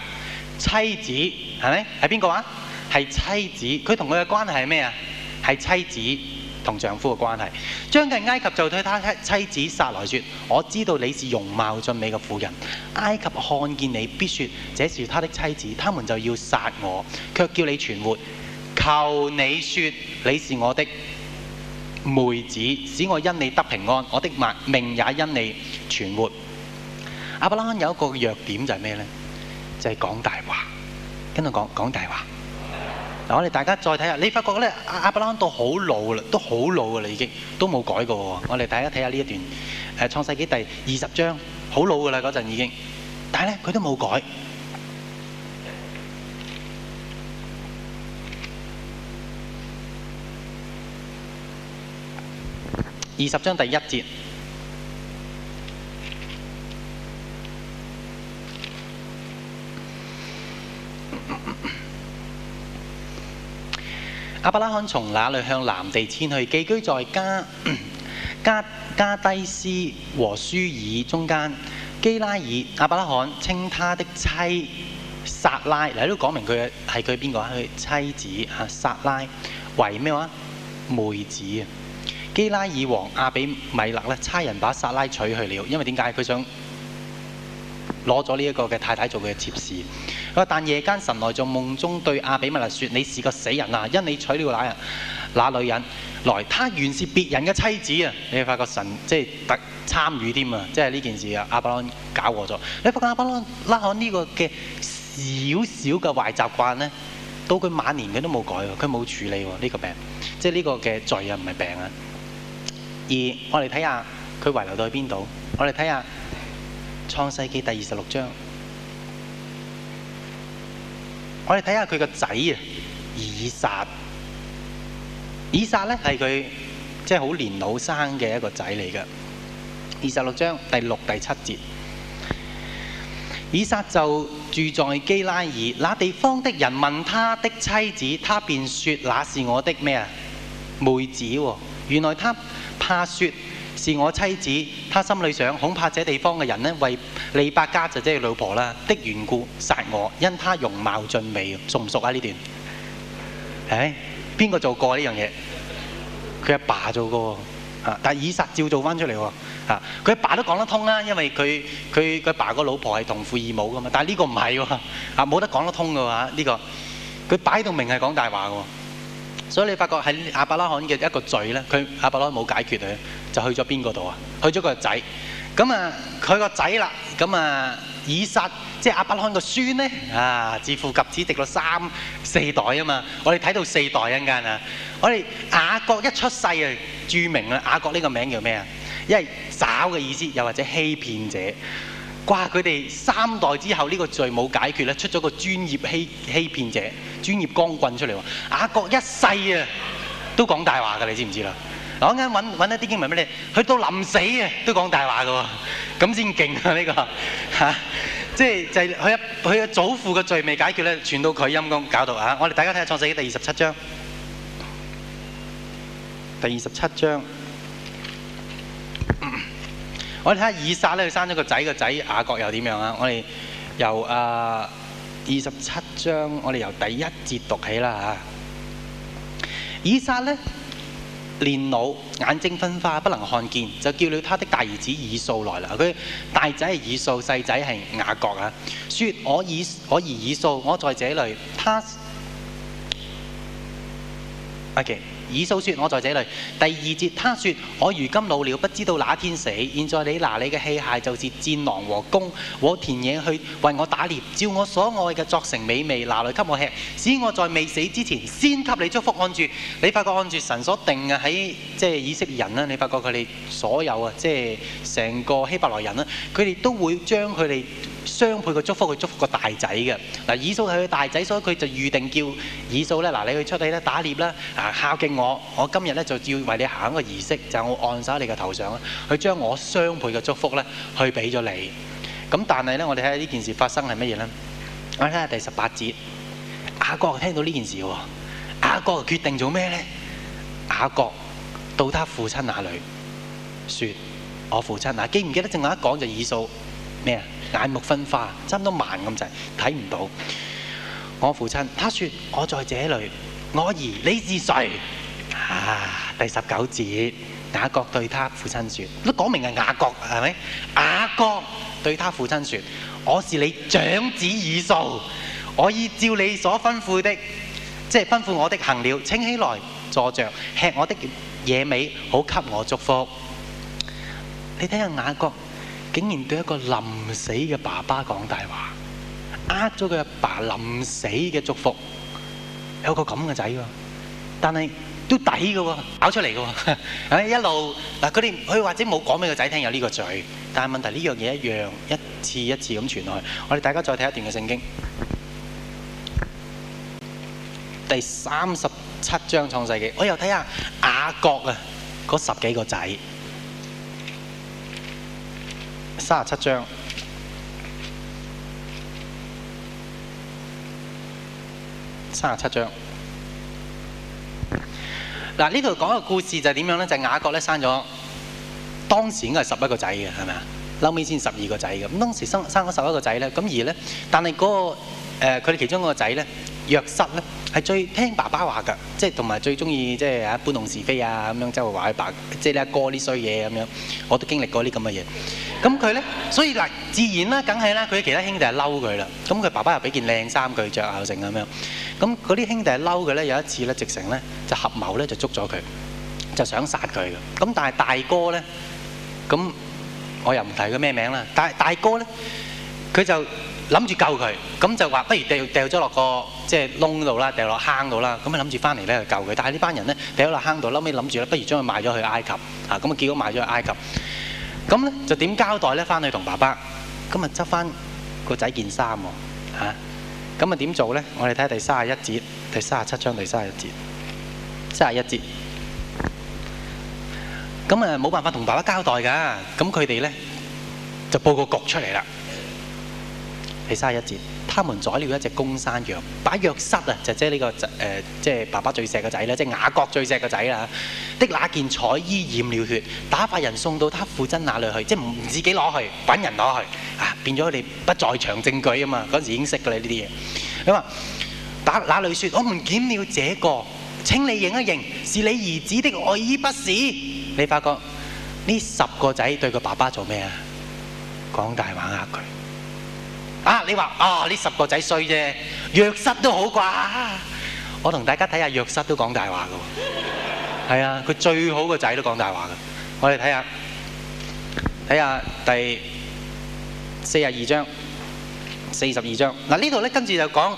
妻子係咪係邊個啊？係妻子，佢同佢嘅關係係咩啊？係妻子同丈夫嘅關係。將近埃及就對他妻子撒萊說：我知道你是容貌俊美嘅婦人，埃及看見你必説這是他的妻子，他們就要殺我，卻叫你存活。求你說你是我的妹子，使我因你得平安，我的命也因你存活。阿伯拉罕有一個弱點就係咩呢？就係、是、講大話，跟住講講大話。嗱，我哋大家再睇下，你發覺呢？阿伯拉罕都好老啦，都好老啦，已經都冇改過。我哋大家睇下呢一段，誒，創世記第二十章，好老噶啦，嗰陣已經，但係呢，佢都冇改。二十章第一節，亞伯拉罕從那裏向南地遷去，寄居在加加加低斯和舒爾中間。基拉耳，亞伯拉罕稱他的妻撒拉，嗱，都講明佢係佢邊個啊？佢妻子啊，撒拉為咩話妹子。基拉爾王阿比米勒咧差人把撒拉娶去了，因為點解？佢想攞咗呢一個嘅太太做佢嘅妾侍。啊，但夜間神來就夢中對阿比米勒說：你係個死人啊，因你娶了那人、那女人。來，她原是別人嘅妻子啊！你發覺神即係特參與添啊！即係呢件事啊，亞伯拉罕搞錯咗。你發覺亞伯拉罕拉響呢個嘅少少嘅壞習慣咧，到佢晚年佢都冇改喎，佢冇處理喎呢、這個病，即係呢個嘅罪啊，唔係病啊！二，我哋睇下佢遺留到去邊度？我哋睇下創世紀第二十六章。我哋睇下佢個仔啊，以撒。以撒咧係佢即係好年老生嘅一個仔嚟噶。二十六章第六、第七節。以撒就住在基拉耳，那地方的人問他的妻子，他便說：那是我的咩啊？妹子喎。原來他怕說，是我妻子，他心裏想恐怕這地方嘅人呢，為利百加就姐、是、係老婆啦的緣故殺我，因他容貌俊美，熟唔熟啊？呢段，唉、哎，邊個做過呢樣嘢？佢阿爸，爸做過，但是以撒照做翻出嚟喎，佢阿爸都講得通啦，因為佢佢爸個老婆係同父異母㗎嘛，但係呢個唔係喎，冇得講得通嘅話，呢、這個佢擺到明係講大話喎。所以你發覺喺亞伯拉罕嘅一個罪咧，佢亞伯拉罕冇解決佢，就去咗邊個度啊？去咗個仔。咁啊，佢個仔啦，咁啊，以撒，即係亞伯拉罕個孫咧。啊，至乎及此敵三，直落三四代啊嘛。我哋睇到四代一陣間啊。我哋雅各一出世就著名啦。雅各呢個名叫咩啊？因為抓嘅意思，又或者欺騙者。哇，佢哋三代之後呢、這個罪冇解決咧，出咗個專業欺欺騙者、專業光棍出嚟喎。雅、啊、各一世啊，都講大話噶，你知唔知啦？嗱，啱啱揾揾一啲經文俾你，去到臨死啊都講大話噶喎，咁先勁啊呢個嚇！即、啊、係就係佢佢嘅祖父嘅罪未解決咧，傳到佢陰公搞到嚇。我哋大家睇下創世記第二十七章，第二十七章。我哋睇下以撒咧，佢生咗個仔，個仔雅各又點樣啊？我哋由啊二十七章，我哋由第一節讀起啦嚇。以撒咧年老眼睛昏花，不能看見，就叫了他的大兒子以掃來啦。佢大仔係以掃，細仔係雅各啊。說我以我兒以掃，我在這裏。他，OK。以掃說：我在這裡。第二節，他說：我如今老了，不知道哪天死。現在你拿你嘅器械，就是戰狼和弓，和田野去為我打獵，照我所愛嘅作成美味，拿來給我吃，使我在未死之前，先給你祝福。按住，你發覺按住神所定啊，喺即係以色列人啦，你發覺佢哋所有啊，即係成個希伯來人啦，佢哋都會將佢哋。雙倍嘅祝福去祝福個大仔嘅嗱，以掃係佢大仔，所以佢就預定叫以掃咧嗱，你出去出嚟咧打獵啦，啊孝敬我，我今日咧就照為你行一個儀式，就係、我按手喺你嘅頭上啦，佢將我雙倍嘅祝福咧去俾咗你。咁但係咧，我哋睇下呢件事發生係乜嘢啦？我睇下第十八節，雅各聽到呢件事喎，雅各決定做咩咧？雅各到他父親那裡，説：我父親嗱，記唔記得正話一講就以掃咩啊？眼目分花，差唔多都盲咁滯，睇唔到。我父親，他說：我在這裏，我兒你是誰？啊，第十九節，雅各對他父親説：都講明係雅各，係咪？雅各對他父親説：我是你長子以掃，我已照你所吩咐的，即係吩咐我的行了，請起來坐著，吃我的野味，好給我祝福。你睇下雅各。竟然對一個臨死嘅爸爸講大話，呃咗佢阿爸臨死嘅祝福，有個咁嘅仔喎，但係都抵嘅喎，咬出嚟嘅喎， 一路嗱佢哋佢或者冇講俾個仔聽有呢個罪，但係問題呢樣嘢一樣，一次一次咁傳落去，我哋大家再睇一段嘅聖經，第三十七章創世記，我又睇下雅各啊嗰十幾個仔。三十七章，三十七章。嗱，呢度講個故事就點樣咧？就係雅各咧生咗，當時應該係十一個仔嘅，係咪啊？後尾先十二個仔嘅。咁。當時生生咗十一個仔咧，咁而咧，但係嗰個誒，佢其中嗰個仔咧，約瑟咧，係最聽爸爸話噶，即係同埋最中意即係啊搬弄是非啊咁樣，周圍話佢爸，即係你哥啲衰嘢咁樣，我都經歷過啲咁嘅嘢。咁佢咧，所以嗱，自然啦，梗係啦，佢其他兄弟係嬲佢啦。咁佢爸爸又俾件靚衫佢著啊，剩咁樣。咁嗰啲兄弟係嬲佢咧，有一次咧，直情咧就合謀咧就捉咗佢，就想殺佢嘅。咁但係大哥咧，咁我又唔提佢咩名啦。但係大哥咧，佢就諗住救佢，咁就話不如掉掉咗落個即係窿度啦，掉落坑度啦。咁啊諗住翻嚟咧就救佢。但係呢班人咧掉咗落坑度，後尾諗住咧，不如將佢賣咗去埃及嚇。咁啊，結果賣咗去埃及。咁咧就點交代呢？返去同爸爸，今日執返個仔件衫喎嚇，咁啊點做呢？我哋睇第三十一節，第三十七章第三十一節，三十一節，咁啊冇辦法同爸爸交代㗎，咁佢哋呢，就佈個局出嚟啦。第三十一節。他們宰了一隻公山羊，把約瑟啊，就即係呢個誒，即、呃、係、就是、爸爸最錫個仔啦，即、就、係、是、雅各最錫個仔啦。的那件彩衣染了血，打發人送到他父親那裡去，即係唔自己攞去，揾人攞去啊，變咗你不在場證據啊嘛。嗰陣時已經識㗎啦，呢啲嘢。咁啊，打那裡説，我們撿了這個，請你認一認，是你兒子的外衣不是？你發覺呢十個仔對個爸爸做咩啊？講大話呃佢。啊！你話，哦，啊，呢十個仔衰啫，約 瑟，啊，都好啩。我同大家睇下約瑟都講大話嘅喎，係啊，佢最好個仔都講大話嘅。我哋睇下睇下第四十二章，四十二章嗱，呢度呢，跟住就講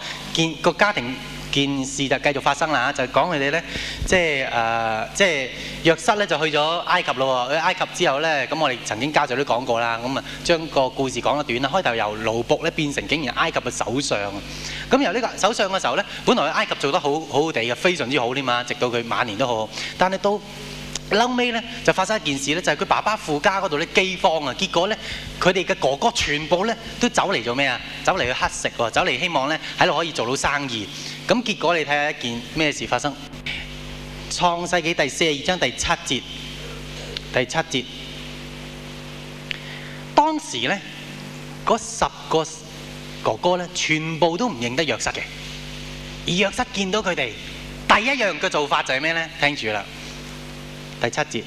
個家庭。件事就繼續發生啦嚇，就講佢哋咧，即係誒，即係約瑟咧就去咗埃及咯。去埃及之後咧，咁我哋曾經家長都講過啦。咁啊，將個故事講得短啦。開頭由奴僕咧變成竟然埃及嘅首相，咁由呢個首相嘅時候咧，本來去埃及做得好好地嘅，非常之好添嘛。直到佢晚年都好好，但係到嬲尾咧就發生一件事咧，就係佢爸爸富家嗰度咧饑荒啊，結果咧佢哋嘅哥哥全部咧都走嚟做咩啊？走嚟去乞食喎，走嚟希望咧喺度可以做到生意。咁結果你睇下一件咩事發生？創世紀第四十二章第七節，第七節，當時呢，嗰十個哥哥呢，全部都唔認得約瑟嘅。而約瑟見到佢哋，第一樣嘅做法就係咩呢？聽住啦，第七節。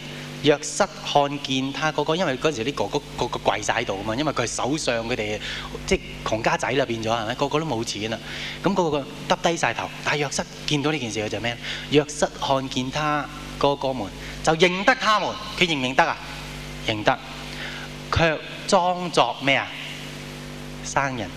約瑟看見他哥哥，因為嗰時啲哥哥個個跪晒喺度啊嘛，因為佢係首相，佢哋即窮家仔啦變咗，係咪？個個都冇錢啊，咁個個耷低晒頭。但係約瑟見到呢件事佢就咩？約瑟看見他哥哥們就認得他們，佢認唔認得啊？認得，卻裝作咩啊？生人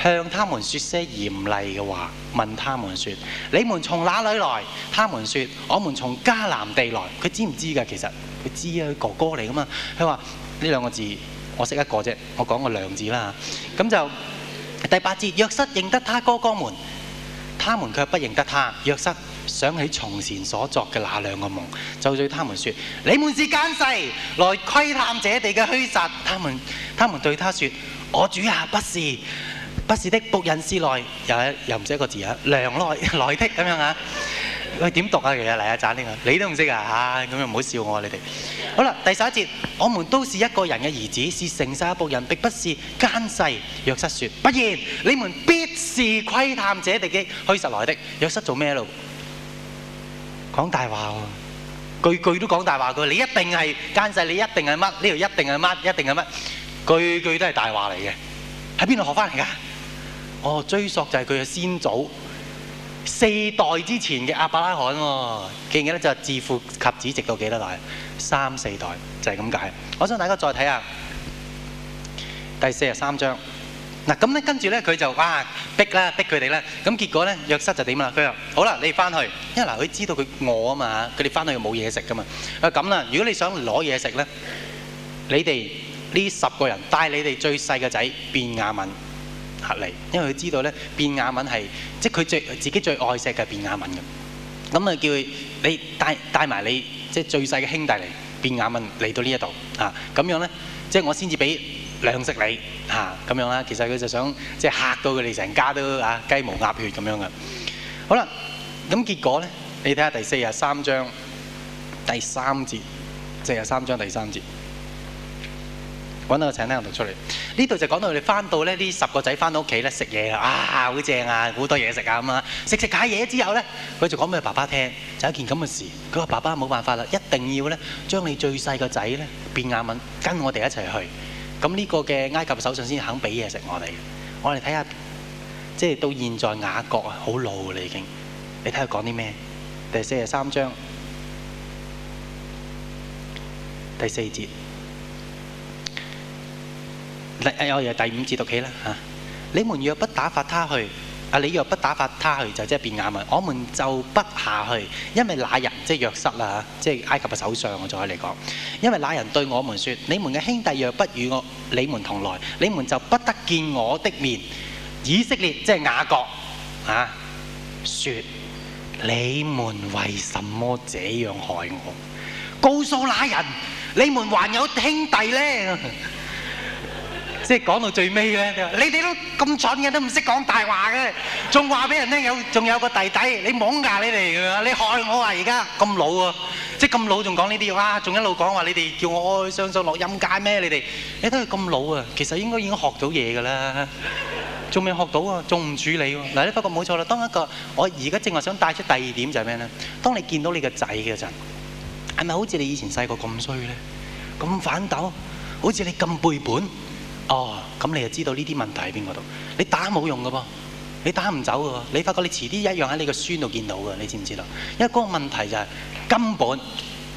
向他們説些嚴厲嘅話，問他們説：你們從哪裡來？他們説：我們從迦南地來。佢知唔知㗎？其實知知。佢知啊，佢哥哥嚟噶嘛？佢話呢兩個字我識一個啫，我講個兩字啦。咁就第八節，約瑟認得他哥哥們，他們卻不認得他。約瑟想起從前所作嘅那兩個夢，就對他們説：你們是奸細，來窺探這地嘅虛實。他們他們對他説：我主啊，不是，不是的，僕人是來又又唔識一個字啊，兩來來的咁樣啊。喂，點讀啊？其實嚟啊，斬呢個，你都唔識啊？嚇，咁樣唔好笑我你哋好啦，第十一節， 我們都是一個人嘅兒子，是誠實一部人，並不是奸細。約瑟説：不然，你們必是窺探者哋嘅虛實來的。約瑟做咩路？講大話喎、啊，句句都講大話、啊。佢你一定係奸細，你一定係乜？呢度一定係乜？一定係乜？句句都係大話嚟嘅。喺邊度學翻嚟㗎？哦，追溯就係佢嘅先祖。四代之前嘅亞伯拉罕喎，記唔記得就係自父及子，直到幾多代？三四代就係咁解。我想大家再睇下第四十三章。嗱咁咧跟住咧佢就哇逼啦逼佢哋咧，咁結果咧約瑟就點啦？佢話：好啦，你翻去，因為嗱佢知道佢餓啊嘛，佢哋翻去冇嘢食噶嘛。啊咁啦，如果你想攞嘢食咧，你哋呢十個人帶你哋最細嘅仔便雅憫。嚇你，因為佢知道咧，便雅憫係即係佢最自己最愛錫嘅便雅憫咁，咁啊叫你帶帶埋你即係最細嘅兄弟嚟便雅憫嚟到呢一度啊，咁樣咧即係我先至俾糧食你嚇咁、啊、樣啦。其實佢就想即係嚇到佢哋成家都啊雞毛鴨血咁樣嘅。好啦，咁結果咧，你睇下第四十三章第三節，即係第三章第三節。揾到個請聽我讀出嚟，呢度就講到佢哋翻到呢，呢十個仔翻到屋企咧，食嘢啦，啊好正啊，好多嘢食啊咁啊，食食解嘢之後咧，佢就講俾爸爸聽，就一件咁嘅事。佢話爸爸冇辦法啦，一定要咧將你最細個仔咧變便雅憫，跟我哋一齊去。咁呢個嘅埃及首相先肯俾嘢食我哋。我哋睇下，即係到現在雅各啊，好老啦已經。你睇下講啲咩？第四十三章第四節。第五節讀起啦嚇，你們若不打發他去，啊，你若不打發他去，就即係便雅憫，我們就不下去，因為那人即係約瑟啦，即係埃及嘅首相啊，我再嚟講，因為那人對我們説：你們嘅兄弟若不與我你們同來，你們就不得見我的面。以色列即係雅各啊，説你們為什麼這樣害我？告訴那人，你們還有兄弟呢。」即係講到最尾咧，你哋都咁蠢嘅，都唔識講大話嘅，仲話俾人聽有仲有個弟弟，你懵㗎你哋㗎嘛？你害我啊！而家咁老喎，即係咁老仲講呢啲，哇！仲一路講話你哋叫我愛上上落陰街咩？你哋你都係咁老啊，其實應該已經學到嘢㗎啦，仲未學到喎，仲唔處理喎。嗱咧，不過冇錯啦，當一個我而家正係想帶出第二點就係咩咧？當你見到你個仔嘅陣，係咪好似你以前細個咁衰咧？咁反斗，好似你咁背叛？哦，咁你就知道呢啲問題喺邊個度？你打冇用噶噃，你打唔走噶喎。你發覺你遲啲一樣喺你個孫度見到噶，你知唔知道？因為嗰個問題就係根本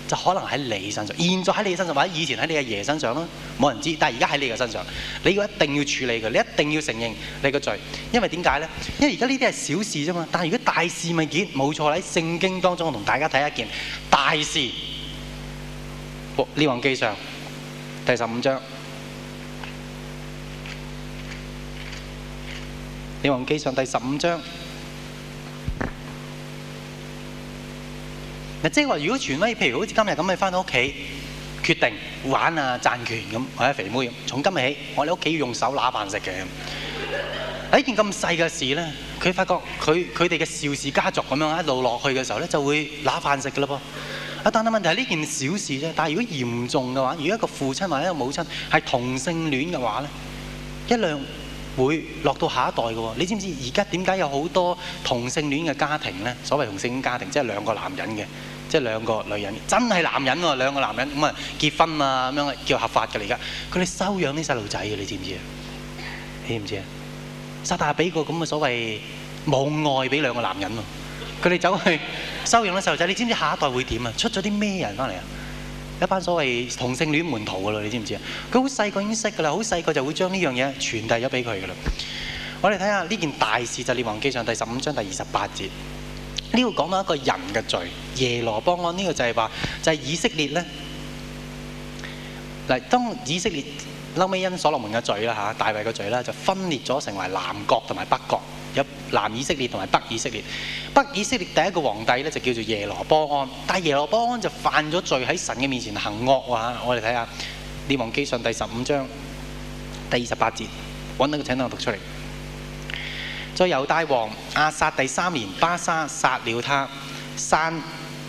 就可能喺你身上，現在喺你身上，或者以前喺你阿爺身上啦，冇人知。但係而家喺你嘅身上，你要一定要處理佢，你一定要承認你嘅罪。因為點解呢？因為而家呢啲係小事啫嘛。但係如果大事咪件冇錯。喺聖經當中，我同大家睇一件大事。《列王記上》第十五章。你王記上第十五章。嗱，即係話，如果傳威，譬如好似今日咁，你翻到屋企，決定玩啊，掙拳咁，或者肥妹咁，從今日起，我哋屋企要用手揦飯食嘅。喺 件咁細嘅事咧，佢發覺佢佢哋嘅邵氏家族咁樣一路落去嘅時候咧，就會揦飯食噶啦噃。啊，但係問題係呢件小事啫。但係如果嚴重嘅話，如果一個父親或者一個母親係同性戀嘅話咧，一量，會落到下一代嘅喎，你知唔知？而家點解有好多同性戀嘅家庭呢？所謂同性戀家庭，即係兩個男人嘅，即係兩個女人，真係男人喎，兩個男人咁啊，結婚啊，咁樣叫合法嘅嚟噶。佢哋收養啲細路仔嘅，你知唔知啊？你知唔知啊？撒但俾個咁嘅所謂母愛俾兩個男人喎。佢哋走去收養啲細路仔，你知唔知下一代會點啊？出咗啲咩人翻嚟啊？一班所謂同性戀門徒噶咯，你知唔知啊？佢好細個已經識噶啦，好細個就會將呢樣嘢傳遞咗俾佢噶啦。我哋睇下呢件大事，就列王記上第十五章第二十八節。呢度講到一個人嘅罪，耶羅波安。呢、呢個就係話就係、是、以色列咧。嗱，當以色列嬲尾因所羅門嘅罪啦嚇，大衛嘅罪啦，就分裂咗成為南國同埋北國。有南以色列同埋北以色列，北以色列第一個皇帝呢，就叫做耶羅波安，但耶羅波安就犯咗罪喺神嘅面前行惡啊！我哋睇下《列王記上》第十五章第二十八節，揾到個，請等我讀出嚟。在猶大王亞撒第三年，巴沙殺了他，散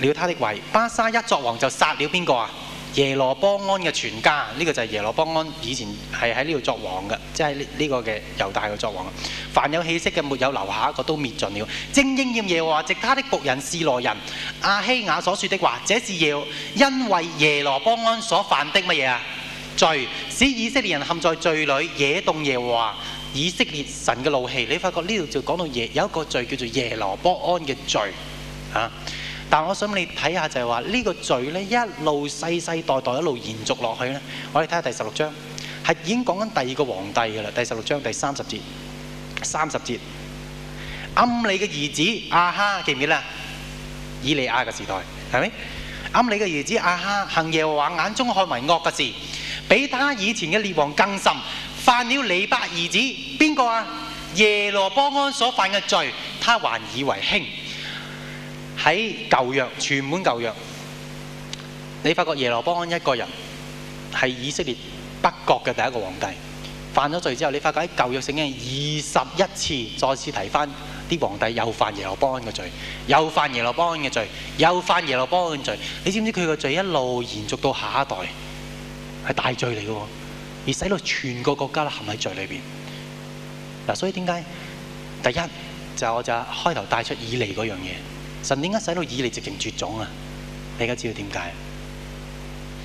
了他的位。巴沙一作王就殺了邊個啊？耶羅波安嘅全家，呢、這個就係耶羅波安以前係喺呢度作王嘅，即係呢呢個嘅猶大嘅作王。凡有氣息嘅沒有留下，一個都滅盡了。正應驗耶和華，藉他的僕人示羅人亞希雅所說的話，這是耶因為耶羅波安所犯的乜嘢啊？罪使以色列人陷在罪裏，惹動耶和華以色列神嘅怒氣。你發覺呢度就講到耶有一個罪叫做耶羅波安嘅罪啊。但我想你睇下就係話呢個罪咧一路世世代代一路延續落去咧，我哋睇下第十六章係已經講緊第二個皇帝㗎喇，第十六章第三十節，三十節，暗利嘅兒子亞哈記唔記得？以利亞嘅時代係咪？暗利嘅兒子亞哈行耶和華眼中看為惡嘅事，比他以前嘅列王更甚。犯了尼八兒子邊個啊？耶羅波安所犯嘅罪，他還以為輕。喺舊約，全本舊約，你發覺耶羅波安一個人係以色列北國嘅第一個皇帝犯咗罪之後，你發覺喺舊約聖經二十一次再次提翻啲皇帝又犯耶羅波安嘅罪，又犯耶羅波安嘅罪，又犯耶羅波安嘅罪。你知唔知佢個罪一路延續到下一代係大罪嚟嘅喎，而使到全個國，國家都陷喺罪裏邊嗱。所以點解第一就係、我就開頭帶出以利嗰樣嘢。神點解使到以你直情絕種啊？你而家知道點解？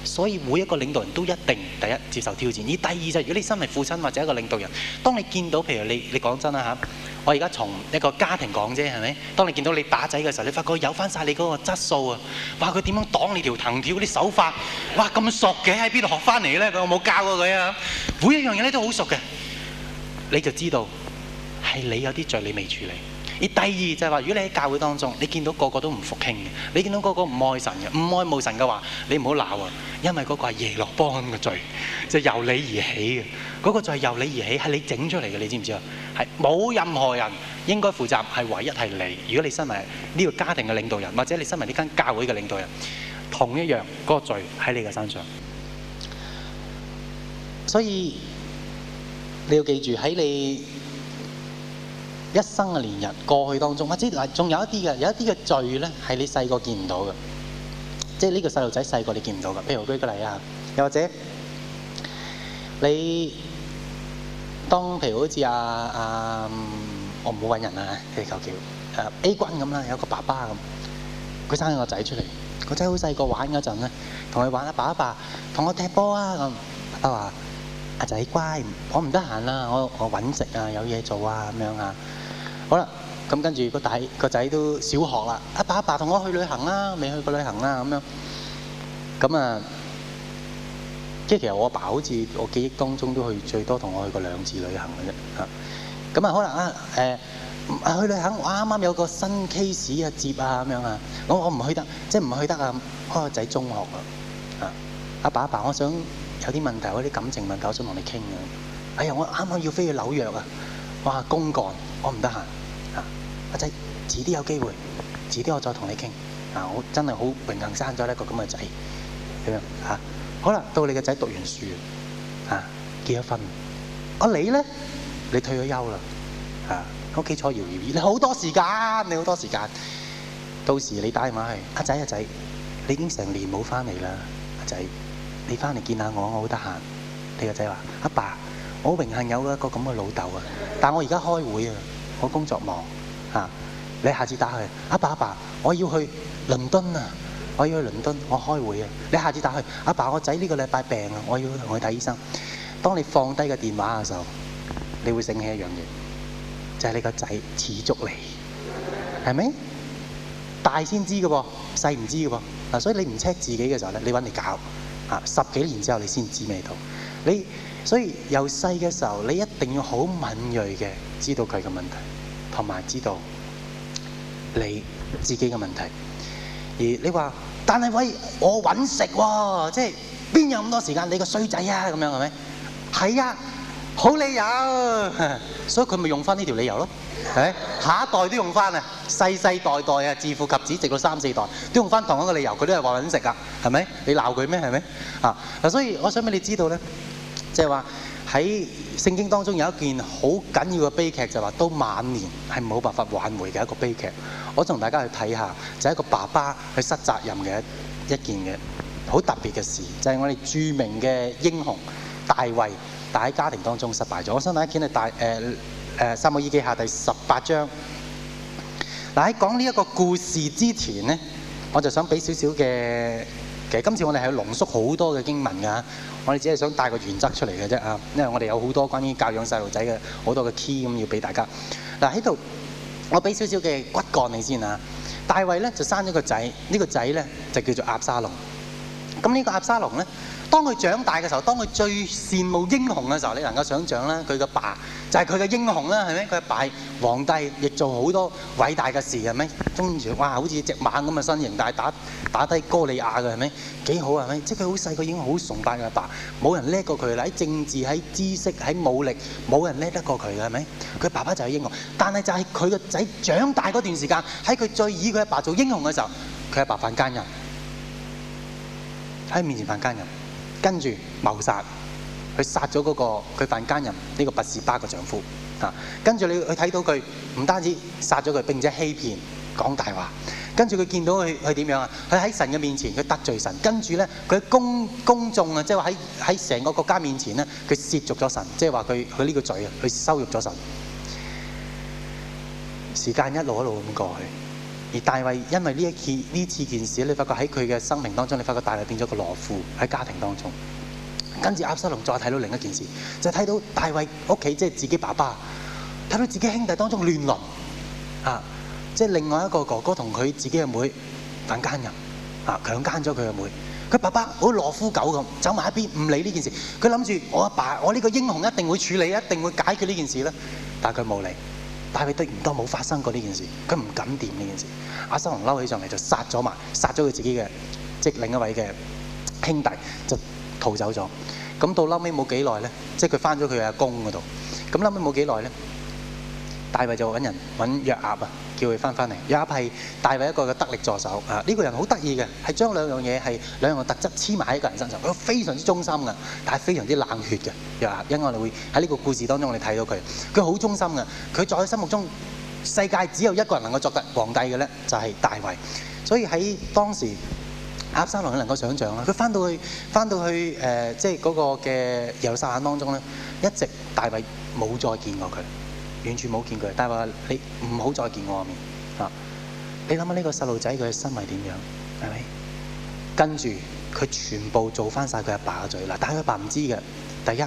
所以每一個領導人都一定第一接受挑戰。而第二就係如果你身為父親或者一個領導人，當你見到譬如你你講真啦吓，我而家從一個家庭講啫，係咪？當你見到你打仔嘅時候，你發覺有翻晒你嗰個質素啊！哇，佢點樣擋你條藤條嗰啲手法？哇，咁熟嘅喺邊度學翻嚟咧？佢有冇教過佢啊？每一樣嘢咧都好熟嘅，你就知道係你有啲罪你未處理。而第二就係話，如果你喺教會當中，你見到個個都唔服傾嘅，你見到個個唔愛神嘅，唔愛無神嘅話，你唔好鬧啊，因為嗰個係耶羅波安嘅罪，就由你而起嘅。嗰個就係由你而起，係你整出嚟嘅，你知唔知啊？係冇任何人應該負責，係唯一係你。如果你身為呢個家庭嘅領導人，或者你身為呢間教會嘅領導人，同一樣嗰個罪喺你嘅身上。所以你要記住喺你。一生嘅年日過去當中，或者嗱，仲有一啲嘅，有一啲嘅罪咧，係你細個見唔到嘅，即係呢個細路仔細個你見唔到嘅。譬如舉個例啊，又或者你當譬如好似阿阿我唔好揾人啊，佢就叫誒 A 君咁啦，有個爸爸咁，佢生咗個仔出嚟，個仔好細個玩嗰陣咧，同佢玩阿爸阿爸，同我踢波啊咁，爸爸話：阿仔乖，我唔得閒啦，我我搵食啊，有嘢做啊咁樣啊。好啦，咁跟住個仔個仔都小學啦，阿爸阿爸同我去旅行啦，未去過旅行啦咁樣。咁啊，即係其實我阿爸好似我記憶當中都去最多同我去過兩次旅行嘅啫。嚇，咁啊可能啊誒，去旅行我啱啱有個新 case 啊接啊咁樣啊，我我唔去得，即係唔去得啊！我個仔中學啊，阿爸阿爸，我想有啲問題，我啲感情問題我想同你傾啊。哎呀，我啱啱要飛去紐約啊，哇，公幹我唔得閒。阿仔，遲啲有機會，遲啲我再同你傾。嗱、啊，我真係好榮幸生咗一個咁嘅仔，咁樣嚇。好啦，到你個仔讀完書，嚇結咗婚，我、啊、你咧，你退咗休啦，喺屋企坐搖搖，你好多時間，你好多時間。到時你打電話去，阿仔阿仔，你已經成年冇翻嚟啦，阿仔，你翻嚟見下我，我好得閒。你個仔話：阿爸，爸，我好榮幸有一個咁嘅老豆啊！但我而家開會啊，我工作忙。啊！你下次打去，阿爸阿爸，我，我要去倫敦啊！我要去倫敦，我開會啊！你下次打去阿爸，我仔呢個禮拜病啊，我要同佢睇醫生。當你放低個電話嘅時候，你會醒起一樣嘢，就係、是、你個仔始終嚟，係咪？大先知嘅噃，細唔知嘅噃。啊，所以你唔 check 自己嘅時候咧，你搵，你搞啊！十幾年之後你先知味道到。你所以由細嘅時候，你一定要好敏銳嘅知道佢嘅問題。同埋知道你自己嘅問題，而你話：但係喂，我揾食喎，即係邊有咁多時間？你個衰仔啊，咁樣係咪？係啊，好理由， 所以佢咪用翻呢條理由咯。誒，下一代都用翻啊，世世代代啊，自父及子，直到三四代都用翻同一個理由，佢都係話揾食㗎，係咪？你鬧佢咩？係咪？啊，嗱，所以我想俾你知道咧，即係話喺。聖經當中有一件好緊要嘅悲劇，就話到晚年係冇辦法挽回嘅一個悲劇。我同大家去睇下，就係一個爸爸去失責任嘅一件嘅好特別嘅事，就係我哋著名嘅英雄大衛，但喺家庭當中失敗咗。我想睇一件係大誒、呃、誒《撒母耳記下》第十八章。嗱喺講呢一個故事之前咧，我就想俾少少嘅。其實今次我哋係要濃縮好多嘅經文㗎，我哋只係想帶個原則出嚟嘅啫啊！因為我哋有好多關於教養細路仔嘅好多嘅 key 咁要俾大家。嗱喺度，我俾少少嘅骨幹你先啊。大衛咧就生咗個仔，這個、呢個仔咧就叫做押沙龍。咁呢個押沙龍咧？當佢長大嘅時候，當佢最羨慕英雄嘅時候，你能夠想像呢，佢嘅爸就係佢嘅英雄啦，係咪？佢爸皇帝亦做好多偉大嘅事，係咪？中住，哇，好似隻馬咁嘅身形，但係打打低哥利亞嘅係咪？幾好係咪？即係佢好細個已經好崇拜佢阿爸，冇人叻過佢嘅喺政治、喺知識、喺武力，冇人叻得過佢嘅係咪？佢爸爸就係英雄，但係就係佢嘅仔長大嗰段時間，喺佢最以佢阿爸做英雄嘅時候，佢阿爸犯奸淫，喺面前犯奸淫。跟住謀殺，佢殺咗嗰個佢犯奸淫呢、這個拔示巴嘅丈夫。啊，跟住你去睇到佢唔單止殺咗佢，並且欺騙講大話。跟住佢見到佢佢點樣啊？佢喺神嘅面前佢得罪神。跟住呢佢公公眾啊，即係話喺成個國家面前呢佢褻瀆咗神，即係話佢佢呢個罪，啊，佢羞辱咗神。時間一路一路咁過去。而大衛因為呢一次呢次件事，你發覺喺佢嘅生命當中，你發覺大衛變咗個懦夫喺家庭當中。跟住阿塞龍再睇到另一件事，就係睇到大衛屋企即係自己爸爸，睇到自己兄弟當中亂倫，啊，即係另外一個哥哥同佢自己嘅妹犯奸人，啊，強奸咗佢嘅妹。佢爸爸好似懦夫狗咁，走埋一邊唔理呢件事。佢諗住我阿爸，我呢個英雄一定會處理，一定會解決呢件事啦。但係佢冇理。但係佢亦唔多冇發生過呢件事，佢唔敢掂呢件事。押沙龍嬲起上嚟就殺咗埋，殺咗佢自己嘅，即係另一位嘅兄弟，就逃走咗。咁到撈尾冇幾耐咧，即係佢返咗佢阿公嗰度。咁撈尾冇幾耐咧。大衛就揾人揾約押啊，叫佢翻返嚟。約押係大衛一個嘅得力助手啊！呢個人好得意嘅，係將兩樣嘢係兩樣特質黐埋喺一個人身上。佢非常之忠心嘅，但係非常之冷血嘅約押，因為我哋會喺呢個故事當中，我哋睇到佢。佢好忠心嘅，佢在佢心目中世界只有一個人能夠作得皇帝嘅咧，就係大衛。所以喺當時押沙龍能夠想象啊，佢翻到去翻到去誒，即係嗰個嘅耶路撒冷當中咧，一直大衛冇再見過佢。完全冇見佢，但係話你唔好再見我面。嚇！你諗下呢個細路仔佢嘅身為係點樣？係咪？跟住佢全部做翻晒佢阿爸嘅罪啦！但係佢爸唔知嘅。第一，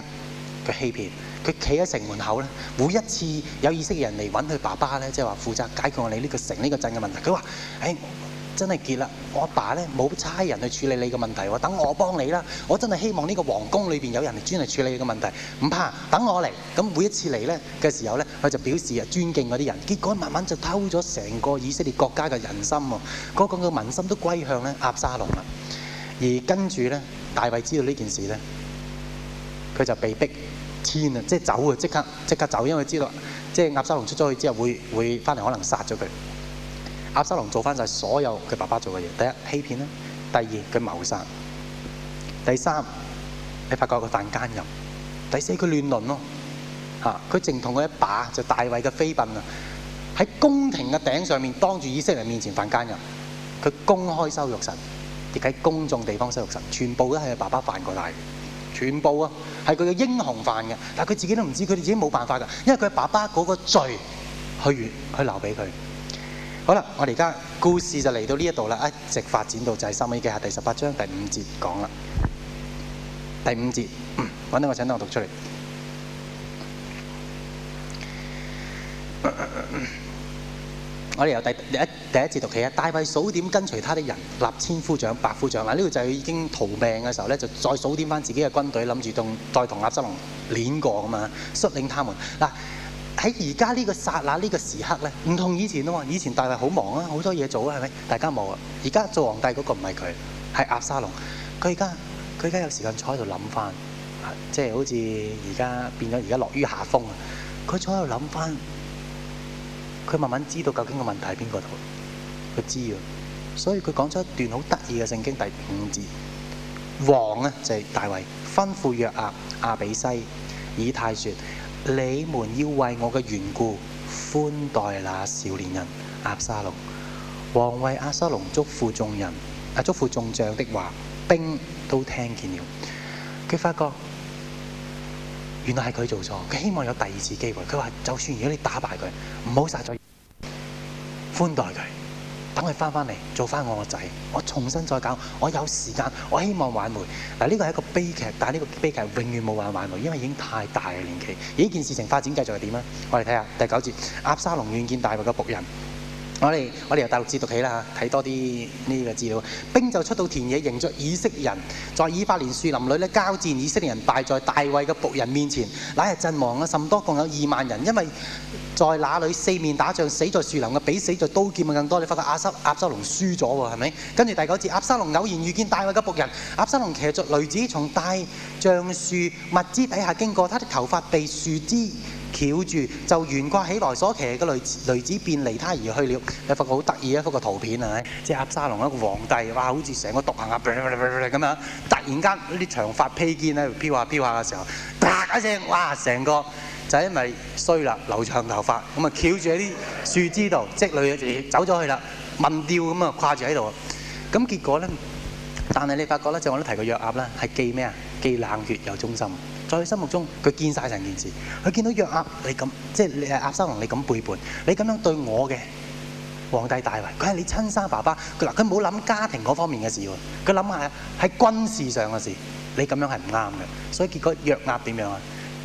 佢欺騙。佢企喺城門口咧，每一次有意識嘅人嚟揾佢爸爸咧，即係話負責解決我哋呢個城呢個鎮嘅問題。佢話：誒、hey。真係結啦！我阿爸，爸呢冇差人去處理你嘅問題喎，等我幫你啦！我真係希望呢個皇宮裏邊有人嚟專嚟處理你嘅問題。唔怕，等我嚟。咁每一次嚟呢嘅時候呢，佢就表示啊尊敬嗰啲人。結果慢慢就偷咗成個以色列國家嘅人心喎，嗰、那個嘅民心都歸向呢押沙龍啦。而跟住呢，大衛知道呢件事呢，佢就被逼，天啊，即係走啊，即刻即刻走，因為知道即係押沙龍出咗去之後會會返嚟，可能殺咗佢。押沙龍做返曬所有佢爸爸做嘅嘢，第一欺騙，第二佢謀殺，第三你發覺佢犯奸淫，第四佢亂倫，他嚇佢淨同佢一把就是、大衛嘅妃嬪，喺宮廷嘅頂上面，當住以色列人面前犯奸淫，佢公開羞辱神，亦喺公眾地方羞辱神，全部都係佢爸爸犯過嚟，全部啊係佢嘅英雄犯嘅，但他佢自己都唔知道，佢哋自己冇辦法㗎，因為佢爸爸嗰個罪去去留俾佢。好啦，我哋而家故事就嚟到呢一度啦，一直發展到就係《撒母耳記》下第十八章第五節講啦。第五節，揾、嗯、到個請單我讀出嚟。 我哋由第第一第一節讀起啊！大衞數點跟隨他的人，立千夫長、百夫長嗱，呢度就係已經逃命嘅時候咧，就再數點翻自己嘅軍隊，諗住同再同押沙龍攣過啊嘛，率領他們嗱。喺而家呢個剎那呢個時刻咧，唔同以前啊喎！以前大衞好忙啊，好多嘢做啊，係咪？大家冇啊！而家做皇帝嗰個唔係佢，係押沙龍。佢而家佢而家有時間坐喺度諗翻，即係好似而家變咗而家落於下風。佢坐喺度諗翻，佢慢慢知道究竟個問題喺邊個度。佢知啊，所以佢講咗一段好得意嘅聖經第五節。王啊，就係大衞吩咐約押亞比篩以太説。你們要為我嘅緣故寬待那少年人押沙龍。王為押沙龍囑咐眾人、囑咐眾將的話，兵都聽見了。佢發覺原來係佢做錯，佢希望有第二次機會。佢話：就算如果你打敗佢，唔好殺咗，寬待佢。等佢翻返嚟做翻我個仔，我重新再搞，我有時間，我希望挽回。嗱，呢個係一個悲劇，但係呢個悲劇永遠冇法挽回，因為已經太大嘅年期。呢件事情發展繼續係點啊？我哋睇下第九節，押沙龍遠見大衛嘅僕人。我哋我哋由大陸字讀起啦，睇多啲呢個資料。兵就出到田野迎着以色，以，以色列人，在以法蓮樹林裏咧交戰，以色列人敗在大衛嘅僕人面前，那日陣亡啊甚多，共有二萬人，因為。在那裡四面打仗，死在樹林比死在刀劍嘅更多。你發覺押沙押沙龍輸咗喎，係咪？跟住第九節，押沙龍偶然遇見大衛嘅僕人，押沙龍騎着驢子從大橡樹物枝底下經過，他的頭髮被樹枝挾住，就懸掛起來，所騎嘅驢子便離他而去了。你發覺好得意一幅嘅圖片係咪？即係押沙龍一個皇帝，哇！好似成個獨行俠咁樣，突然間啲長髮披肩咧飄下飄下嘅時候，啪一聲，哇！成個～就係因為衰啦，留長頭髮，咁啊翹住喺啲樹枝度積累嘢，就走咗去啦，問吊咁啊掛住喺度。咁結果咧，但係你發覺咧，就我啱提過約押啦，係既咩啊？既冷血又忠心。在佢心目中，佢見曬成件事。佢見到約押，你咁即係押沙龍你咁背叛，你咁樣對我嘅皇帝大位，佢係你親生爸爸。佢嗱，佢冇諗家庭嗰方面嘅事喎，佢諗下喺軍事上嘅事。你咁樣係唔啱嘅，所以結果約押點樣啊？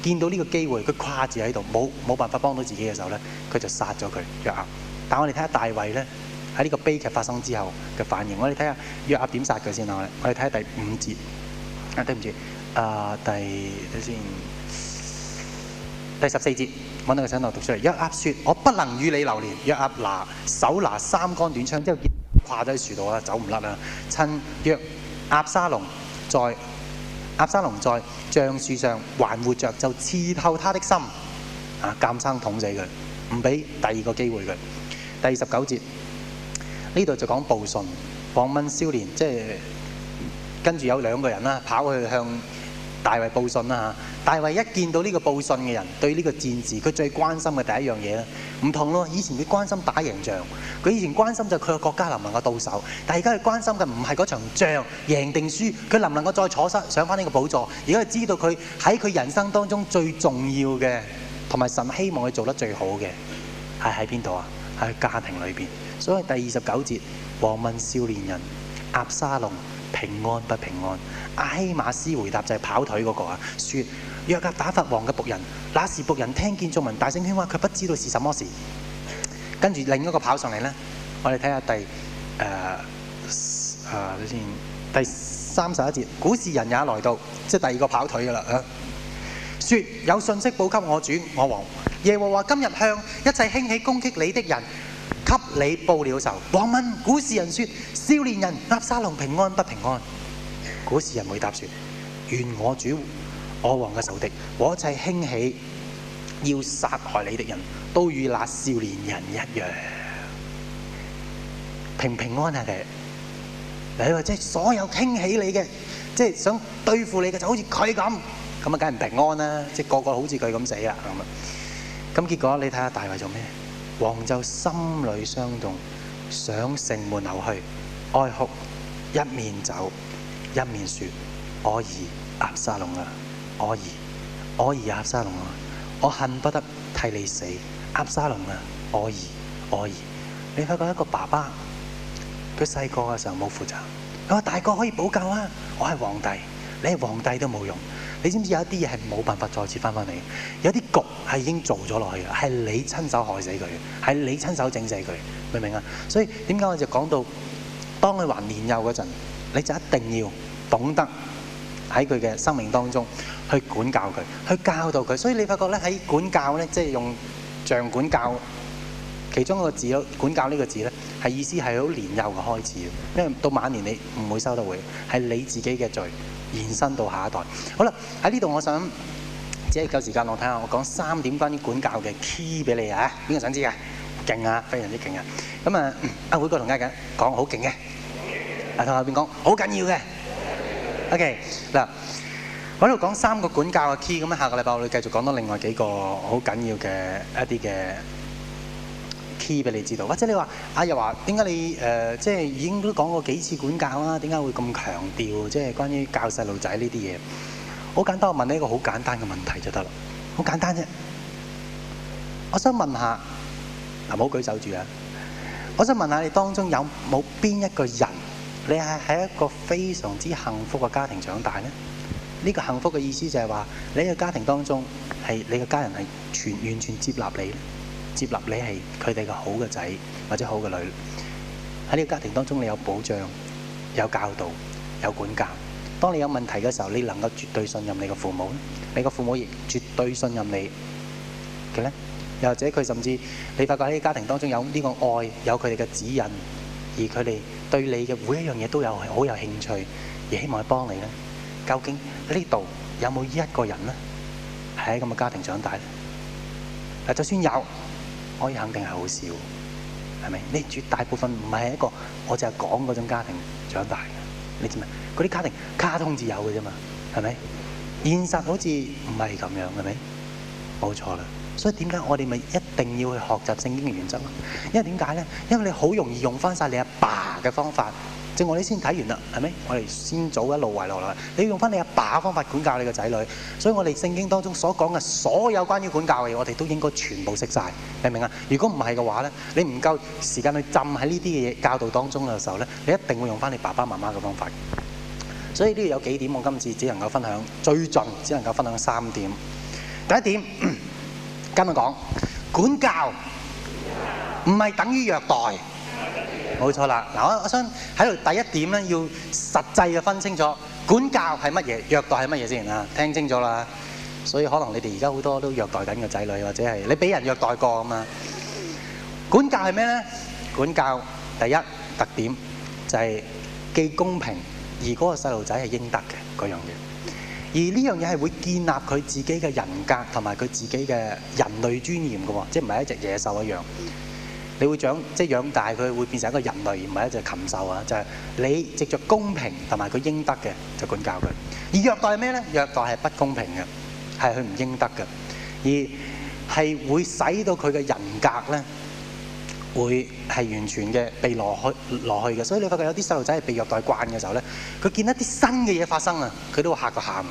見到呢個機會，佢跨住喺度，冇冇辦法幫到自己嘅時候咧，佢就殺咗佢約押。但係我哋睇下大衛咧，喺呢個悲劇發生之後嘅反應。我哋睇下約押點殺佢先啦。我哋睇下第五節啊，對唔住啊，第點先？第十四節揾到個神頭讀出嚟。約押說：我不能與你留連。約押拿手拿三杆短槍之後，見到跨咗喺樹度啦，走唔甩啦。趁約押沙龍在。押沙龍在橡樹上還活着，就刺透他的心。啊，監生捅死佢，唔俾第二個機會佢。第十九節，呢度就講報信訪問少年，即係跟住有兩個人啦，跑去向大衛報信啦嚇！大衛一見到呢個報信嘅人，對呢個戰事，佢最關心嘅第一樣嘢咧，唔同咯。以前佢關心打贏仗，佢以前關心就佢個國家能唔能夠到手，但係而家佢關心嘅唔係嗰場仗贏定輸，佢能唔能夠再坐上上翻呢個寶座。而家知道佢喺佢人生當中最重要嘅，同埋神希望佢做得最好嘅，係喺邊度啊？喺家庭裏邊。所以第二十九節，王問少年人押沙龍，平安不平安？阿希瑪斯回答，就係跑腿嗰、那個啊，說約押打發王嘅僕人，那時僕人聽見眾民大聲喧嘩，佢不知道是什麼事。跟住另一個跑上嚟呢，我哋睇下第誒先、呃呃、第三十一節，古示人也來到，即係第二個跑腿噶啦啊，說有信息報給我主我王，耶和華今日向一切興起攻擊你的人，給你報了仇。王問古示人說。少年人押沙龍平安不平安？古示人回答説：願我主、我王嘅仇敵，一切興起要殺害你的人，都與那少年人一樣平平安安嘅。你話即係所有興起你嘅，即係想對付你嘅，就好似佢咁，咁啊，梗係唔平安啦！即係個個好似佢咁死啦咁啊！咁結果你睇下大衞做咩？王就心裏傷痛，上城門樓去。哀哭，一面走一面說：我兒押沙龍啊，我兒我兒押沙龍啊，我恨不得替你死。押沙龍啊，我兒我兒。你發覺一個爸爸佢細個嘅時候冇負責，佢話大個可以補救啊。我係皇帝，你係皇帝都冇用。你知唔知有一啲嘢係冇辦法再次翻返嚟？有啲局係已經做咗落去，係你親手害死佢，係你親手整死佢，明唔明啊？所以點解我就講到。當你還年幼嗰陣，你就一定要懂得喺佢嘅生命當中去管教佢，去教導佢。所以你發覺咧，喺管教咧，即係用像管教，其中一個字囉，管教呢個字咧，係意思係好年幼嘅開始。因為到晚年你唔會收到回，係你自己嘅罪延伸到下一代。好啦，喺呢度我想，只係夠時間，我睇下我講三點關於管教嘅 key 俾你啊！邊個想知啊？勁啊，非常之勁啊！咁啊，阿偉哥同家緊講好勁嘅，阿同後邊講好緊要嘅。OK，嗱，我喺度講三個管教嘅 key，咁下個禮拜我會繼續講多另外幾個好緊要嘅一啲嘅 key 俾你知道。或者你話阿又話點解你誒、呃、即係已經都講過幾次管教啦？點解會咁強調即係關於教細路仔呢啲嘢？好簡單，我問你一個好簡單嘅問題就得啦。好簡單啫，我想問下。嗱，唔好舉手住啊！我想問下你當中有冇邊一個人，你係喺一個非常之幸福嘅家庭長大呢？呢個幸福嘅意思就係話，你嘅家庭當中係你嘅家人係全完全接納你，接納你係佢哋嘅好嘅仔或者好嘅女。喺呢個家庭當中，你有保障、有教導、有管教。當你有問題嘅時候，你能夠絕對信任你嘅父母，你嘅父母亦絕對信任你嘅呢？又或者佢甚至你發覺喺家庭當中有呢個愛，有佢哋嘅指引，而佢哋對你嘅每一樣嘢都有好有興趣，而希望去幫你呢？究竟呢度有冇一個人呢？係喺咁嘅家庭長大咧？嗱，就算有，可以肯定係好少，係咪？你絕大部分唔係一個，我淨係講嗰種家庭長大。你知唔知？嗰啲家庭卡通至有嘅啫嘛，係咪？現實好似唔係咁樣，係咪？冇錯啦。所以點解我哋咪一定要去學習聖經嘅原則咯？因為點解呢？因為你好容易用翻晒你阿爸嘅方法。正如我哋先睇完啦，係咪？我哋先早一路圍落落嚟，你要用翻你阿爸，爸方法管教你個仔女，所以我哋聖經當中所講嘅所有關於管教嘅嘢，我哋都應該全部識晒，明唔明啊？如果唔係嘅話呢，你唔夠時間去浸喺呢啲嘅嘢教導當中嘅時候呢，你一定會用翻你爸爸媽媽嘅方法。所以呢度有幾點，我今次只能夠分享最盡，只能夠分享三點。第一點。今日講管教唔係等於虐待，冇錯啦。嗱，我我想喺度第一點咧，要實際嘅分清楚管教係乜嘢，虐待係乜嘢先啦。聽清楚啦，所以可能你哋而家好多都虐待緊個仔女，或者係你俾人虐待過啊嘛。管教係咩咧？管教第一特點就係既公平而嗰個細路仔係應得嘅嗰樣嘢。而呢樣嘢係會建立佢自己嘅人格同埋佢自己嘅人類尊嚴嘅喎，哦，即係唔係一隻野獸一樣。你會長，即、就、係、是、養大佢會變成一個人類，而唔係一隻禽獸啊！就係、是、你藉著公平同埋佢應得嘅就管教佢。而虐待係咩呢？虐待係不公平嘅，係佢唔應得嘅，而係會使到佢嘅人格呢。會係完全嘅被攞去攞去嘅，所以你發覺有啲細路仔係被虐待慣嘅時候咧，佢見一啲新嘅嘢發生啊，佢都會嚇到喊。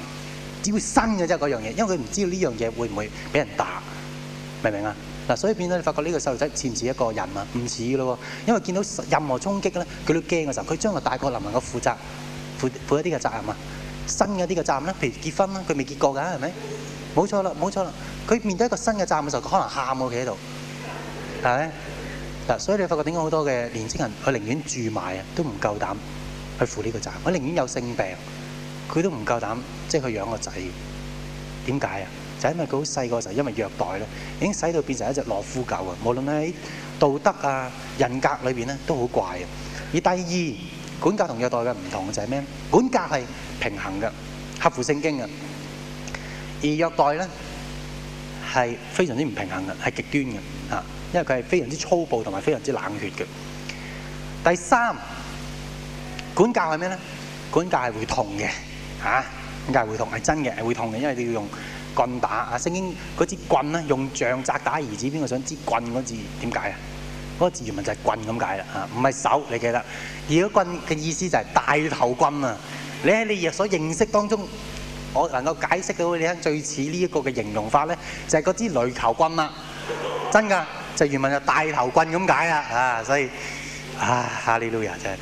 只會新嘅啫係嗰樣嘢，因為佢唔知道呢樣嘢會唔會俾人打，明唔明啊？嗱，所以變咗你發覺呢個細路仔似唔似一個人啊？唔似嘅咯，因為見到任何衝擊咧，佢都驚嘅時候，佢將來大概能唔能夠負責負負一啲嘅責任啊？新嘅啲嘅責任咧，譬如結婚啦，佢未結過㗎，係咪？冇錯啦，冇錯啦。佢面對一個新嘅責任嘅時候，佢可能喊我企喺度係。所以你發覺點解好多嘅年青人，佢寧願住埋都唔夠膽去負呢個責任。我寧願有性病，佢都唔夠膽，即係去養個仔。點解就就係，因為佢好細個時候，因為虐待咧，已經使到變成一隻懦夫狗，無無論喺道德啊、人格裏面都好怪。而第二，管教同虐待嘅唔同就係、係、咩？管教係平衡嘅，合乎聖經嘅，而虐待呢，係非常之唔平衡嘅，係極端嘅因為佢係非常之粗暴同埋非常之冷血嘅。第三，管教係咩呢？管教係會痛嘅嚇、啊，管教會痛係真嘅，係會痛嘅，因為你要用棍打啊！聖經嗰支棍咧，用杖砸打兒子，邊個想知道棍嗰字點解啊？嗰、嗰個字原文就係棍咁解啦嚇，唔、啊、係手你記得。而嗰棍嘅意思就係大頭棍啊！你喺你若所認識當中，我能夠解釋到你聽最似呢一個嘅形容法咧，就係嗰支壘球棍啦、啊，真㗎。就是、原文就大頭棍咁解啦，啊，所以啊，哈利路亞真係。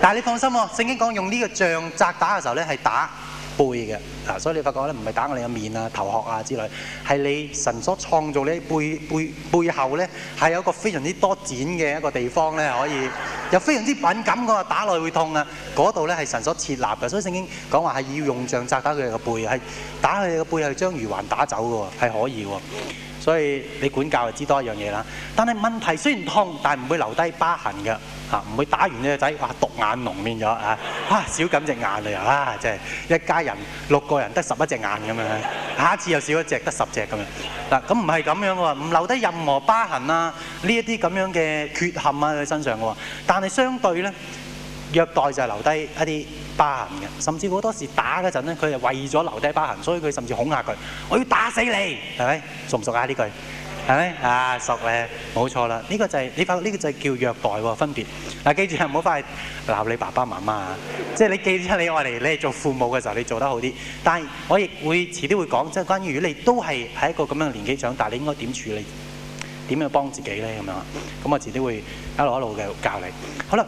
但係你放心喎，聖經講用呢個杖責打嘅時候咧，係打背嘅。嗱，所以你發覺咧，唔係打我哋嘅面啊、頭殼啊之類，係你神所創造呢背背背後咧，係有一個非常之多展嘅一個地方咧，可以，又非常之敏感嘅喎，打落去會痛啊。嗰度咧係神所設立嘅，所以聖經講話係要用杖責打佢哋嘅背，係打佢哋嘅背係將愚頑打走嘅喎，係可以喎。所以你管教就知多一樣嘢啦。但係問題雖然痛，但係唔會留低疤痕㗎。嚇、啊，唔會打完呢個仔話獨眼龍面咗啊！啊，少咁隻眼嚟啊，啊，真係一家人六個人得十一隻眼咁樣、啊，下一次又少一隻得十隻咁、啊啊、樣。嗱，咁唔係咁樣喎，唔留低任何疤痕啊，呢一啲咁樣嘅缺陷啊，喺身上㗎喎。但係相對咧。虐待就係留低一啲疤痕嘅，甚至好多時打嗰陣咧，佢就為咗留低疤痕，所以佢甚至恐嚇佢：我要打死你，係咪？熟唔熟啊？呢句係咪啊？熟咧，冇錯啦。呢個就係你發覺呢個就叫虐待喎，分別。嗱，記住唔好翻去鬧你爸爸媽媽啊！即係你記住，你愛嚟，你係做父母嘅時候，你做得好啲。但係我亦會遲啲會講即係關於，如果你都係喺一個咁樣嘅年紀長大，你應該點處理？點樣幫自己咧咁樣？咁我遲啲會一路一路嘅教你。好啦。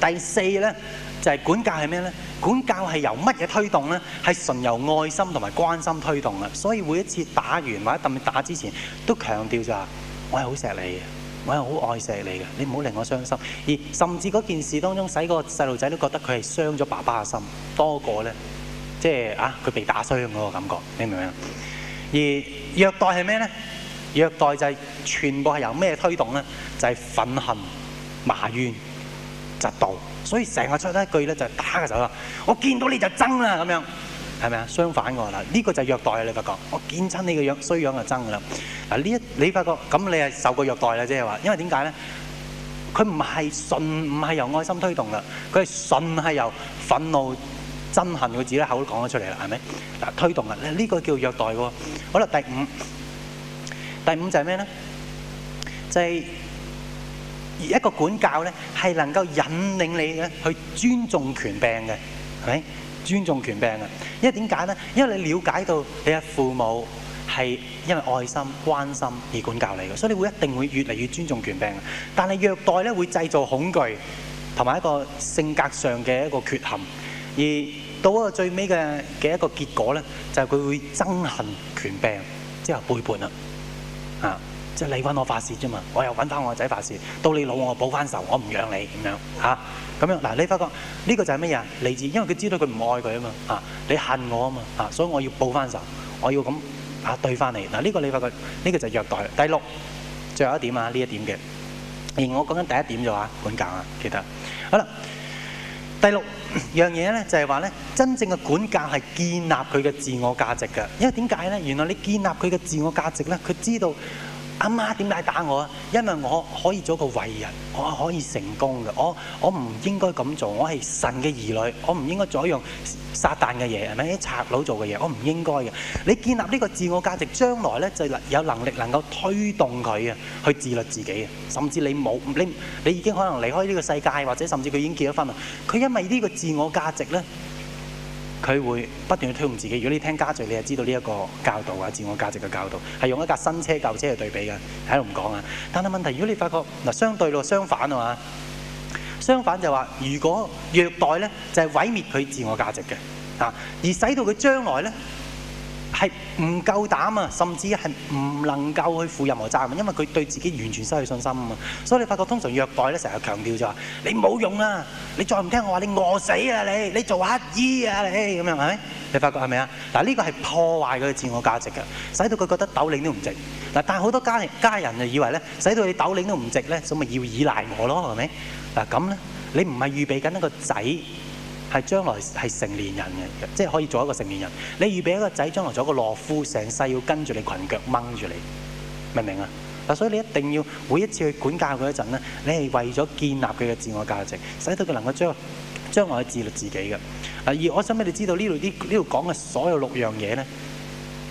第四呢，就係、是、管教係咩呢？管教係由乜嘢推動呢？係純由愛心同埋關心推動啊！所以每一次打完或者揼打之前，都強調就話、是：我係好錫你嘅，我係好愛錫你嘅，你唔好令我傷心。而甚至嗰件事當中，使嗰個細路仔都覺得佢係傷咗爸爸嘅心，多過呢，即、就、係、是、啊佢被打傷嗰個感覺，你明唔明啊？而虐待係咩呢？虐待就係全部係由咩推動呢？就係、是、憤恨、埋怨。窒到，所以成日出得一句咧就係打佢走啦！我見到你就憎啦咁樣，係咪啊？相反喎啦，呢個就虐待啊！你發覺我見親你嘅樣衰樣就憎噶啦！嗱呢一你發覺咁你係受過虐待啦，即係話，因為點解咧？佢唔係信，唔係由愛心推動噶，佢係信係由憤怒憎恨佢自己口都講咗出嚟啦，係咪？嗱推動啊，呢個叫虐待喎。好啦，第五，第五就係咩咧？就係。而一個管教呢，係能夠引領你呢去尊重權柄嘅，係咪？尊重權柄啊！因為點解呢？因為你瞭解到你嘅父母係因為愛心、關心而管教你嘅，所以你會一定會越嚟越尊重權柄。但係虐待呢會製造恐懼同埋一個性格上嘅一個缺陷，而到一個最尾嘅嘅一個結果呢，就係佢會憎恨權柄之後背叛啊！即、就、係、是、你揾我發泄啫嘛，我又揾翻我仔發泄。到你老我報翻仇，我唔養你咁樣嚇咁樣嗱。你發覺呢、這個就係乜嘢啊？例子，因為佢知道佢唔愛佢啊嘛嚇，你恨我啊嘛嚇，所以我要報翻仇，我要咁嚇、啊、對翻你嗱。呢、啊這個你發覺呢、這個就係虐待。第六最後一點啊，呢一點嘅而我講緊第一點就話管教啊，記得好啦。第六樣嘢咧就係話咧，真正嘅管教係建立佢嘅自我價值嘅，因為點解咧？原來你建立佢嘅自我價值咧，佢知道。阿媽點解打我？因為我可以做個偉人，我可以成功嘅。我我唔應該咁做，我係神嘅兒女，我唔應該做一樣撒旦嘅嘢，係咪啲賊佬做嘅嘢？我唔應該嘅。你建立呢個自我價值，將來呢就有能力能夠推動佢啊，去自律自己啊。甚至你冇你你已經可能離開呢個世界，或者甚至佢已經結咗婚啊。佢因為呢個自我價值呢佢會不斷去推動自己。如果你聽家聚，你就知道呢一個教導啊，自我價值嘅教導，係用一架新車、舊車去對比嘅，喺度唔講啊。但係問題，如果你發覺嗱，相對咯，相反啊嘛，相反就話，如果虐待咧，就係毀滅佢自我價值嘅啊，而使到佢將來咧。係唔夠膽啊，甚至係唔能夠去負任何責任，因為佢對自己完全失去信心啊嘛。所以你發覺通常虐待咧，成日強調就話：你冇用啊，你再唔聽我話，你餓死啊你，你做乞衣啊你咁樣係咪？你發覺係咪啊？嗱呢個係破壞佢嘅自我價值嘅，使到佢覺得斗零都唔值。嗱，但係好多家家人就以為咧，使到你斗零都唔值咧，咁咪要依賴我咯，係咪？嗱咁咧，你唔係預備緊一個仔。係將來係成年人嘅，即係可以做一個成年人。你預備一個仔將來做一個懦夫，成世要跟住你裙腳掹住你，明唔明啊？嗱，所以你一定要每一次去管教佢一陣呢，你係為咗建立佢嘅自我價值，使到佢能夠將將來去自律自己嘅。啊，而我想俾你知道呢度啲呢度講嘅所有六樣嘢呢，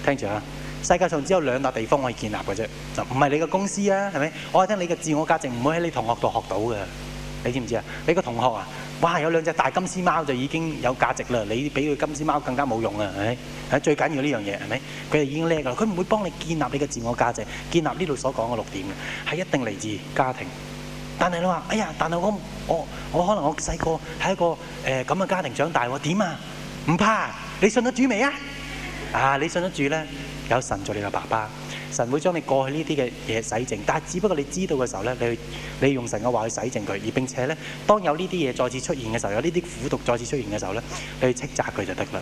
聽住啊！世界上只有兩笪地方可以建立嘅啫。嗱，唔係你嘅公司啊，係咪？我係聽你嘅自我價值唔會喺你同學度學到嘅，你知唔知啊？你個同學啊？哇！有兩隻大金絲貓就已經有價值啦，你比佢金絲貓更加冇用啊，係咪？最緊要呢樣嘢，係咪？佢已經叻噶啦，佢唔會幫你建立你嘅自我價值，建立呢度所講嘅六點，係一定嚟自家庭。但係你話，哎呀，但係我我，我可能我細個係一個、呃、咁嘅家庭長大，點、哦、啊？唔怕，你信得住未啊？啊，你信得住呢？有神做你嘅爸爸。神會將你過去呢啲嘅嘢洗淨，但係只不過你知道嘅時候咧，你去你用神嘅話去洗淨佢。而並且咧，當有呢啲嘢再次出現嘅時候，有呢啲苦毒再次出現嘅時候咧，你去斥責佢就得啦。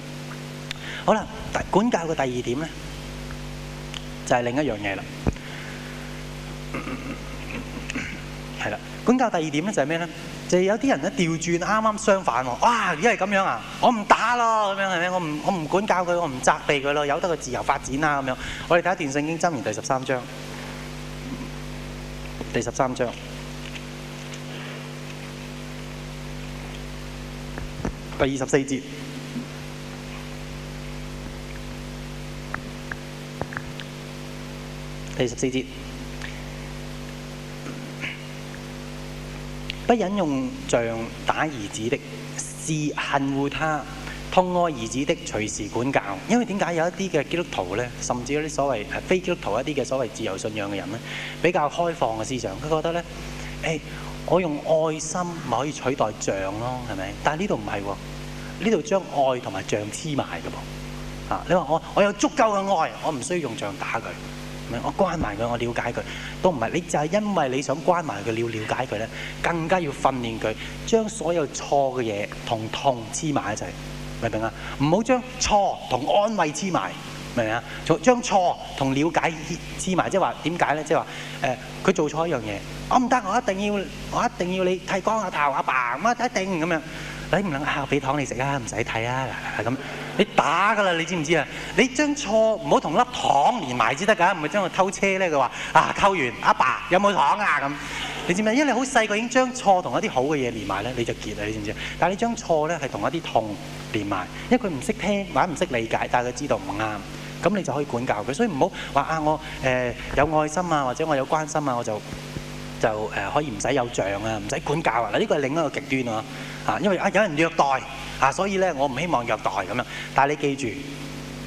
好啦，管教嘅第二點咧，就係、是、另一樣嘢啦。係啦，管教第二點咧就係咩咧？就有啲人咧調轉，啱啱相反喎。哇！一係咁樣啊，我唔打咯，咁樣係咪？我唔我唔管教佢，我唔責備佢咯，由得佢自由發展啊咁樣。我哋睇下一段聖經箴言第十三章，第十三章，第二十四節，第二十四節。不忍用杖打兒子的是恨惡他，疼愛兒子的隨時管教。因為點解有一啲嘅基督徒咧，甚至嗰啲所謂非基督徒一啲嘅所謂自由信仰嘅人咧，比較開放嘅思想，佢覺得咧，誒、欸，我用愛心咪可以取代杖咯，係咪？但係呢度唔係喎，呢度將愛同埋杖黐埋嘅噃。啊，你話我我有足夠嘅愛，我唔需要用杖打佢。我關埋佢，我了解佢都唔係。你就係因為你想關埋佢了了解佢咧，更加要訓練佢，將所有錯嘅嘢同痛黐埋一齊，明唔明啊？唔好將錯同安慰黐埋，明唔明啊？就將錯同了解黐埋，即係話點解咧？即係話誒，佢、呃、做錯一樣嘢，我唔得，我一定要，我一定要你剃光下頭，阿爸 a n g 啊，一定咁樣。你唔能啊？俾糖你食啊！唔使睇啊！嗱咁，你打㗎啦！你知唔知啊？你將錯唔好同粒糖連埋先得㗎，唔係將佢偷車咧。佢話：啊，偷完阿爸，爸有冇糖啊？咁你知唔知道？因為你好細個已經將錯同一啲好嘅嘢連埋咧，你就結啦！你知唔知？但係你將錯咧係同一啲痛連埋，因為佢唔識聽，或者唔識理解，但係佢知道唔啱。咁你就可以管教佢。所以唔好話啊，我誒、呃、有愛心啊，或者我有關心啊，我就。就誒可以唔使有杖啊，唔使管教啊。嗱，呢個係另一個極端咯嚇，因為啊有人虐待嚇，所以咧我唔希望虐待咁樣。但係你記住，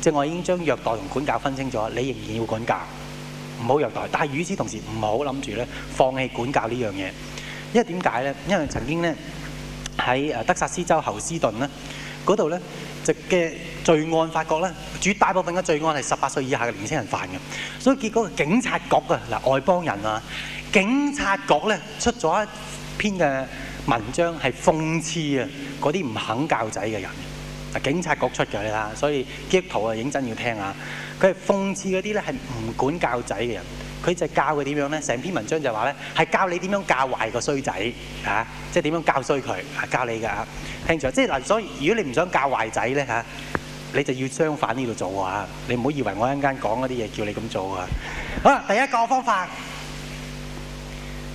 即係我已經將虐待同管教分清楚。你仍然要管教，唔好虐待。但係與此同時，唔好諗住咧放棄管教呢樣嘢，因為點解咧？因為曾經咧喺德薩斯州侯斯頓咧嗰度咧，直嘅罪案發覺咧，絕大部分嘅罪案係十八歲以下嘅年輕人犯嘅，所以結果警察局啊嗱外邦人啊。警察局咧出咗一篇嘅文章，係諷刺啊嗰啲唔肯教仔嘅人。啊，警察局出嘅啦，所以基督徒啊認真要聽啊。佢係諷刺嗰啲咧係唔管教仔嘅人。佢就教佢點樣咧？成篇文章就話咧係教你點樣教壞個衰仔嚇，即係點樣教衰佢教你㗎嚇。聽住，即係嗱，所以如果你唔想教壞仔咧嚇，你就要相反呢度做啊。你唔好以為我一陣間講嗰啲嘢叫你咁做啊。好啦，第一個方法。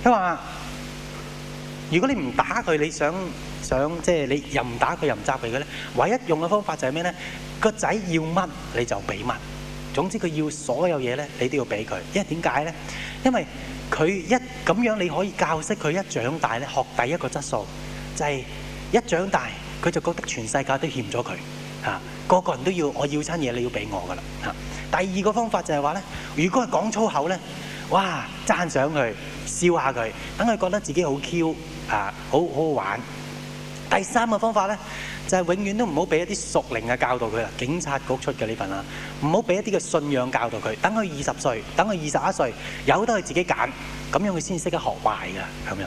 佢話：如果你唔打佢，你想想即係你又唔打佢又唔責佢咧，唯一用嘅方法就係咩咧？個仔要乜你就俾乜。總之佢要所有嘢咧，你都要俾佢。因為點解咧？因為佢一咁樣你可以教識佢一長大咧，學第一個質素就係一長大佢就覺得全世界都欠咗佢嚇，個個人都要我要餐嘢你要俾我噶啦嚇。第二個方法就係話咧，如果係講粗口咧。哇！讚賞佢，笑下佢，等佢覺得自己好 Q 啊，好好玩。第三個方法咧，就係、是、永遠都唔好俾一啲熟齡嘅教導佢啦。警察局出嘅呢份啦，唔好俾一啲嘅信仰教導佢。等佢二十歲，等佢二十一歲，由得佢自己揀，咁樣佢先識得學壞嘅咁樣。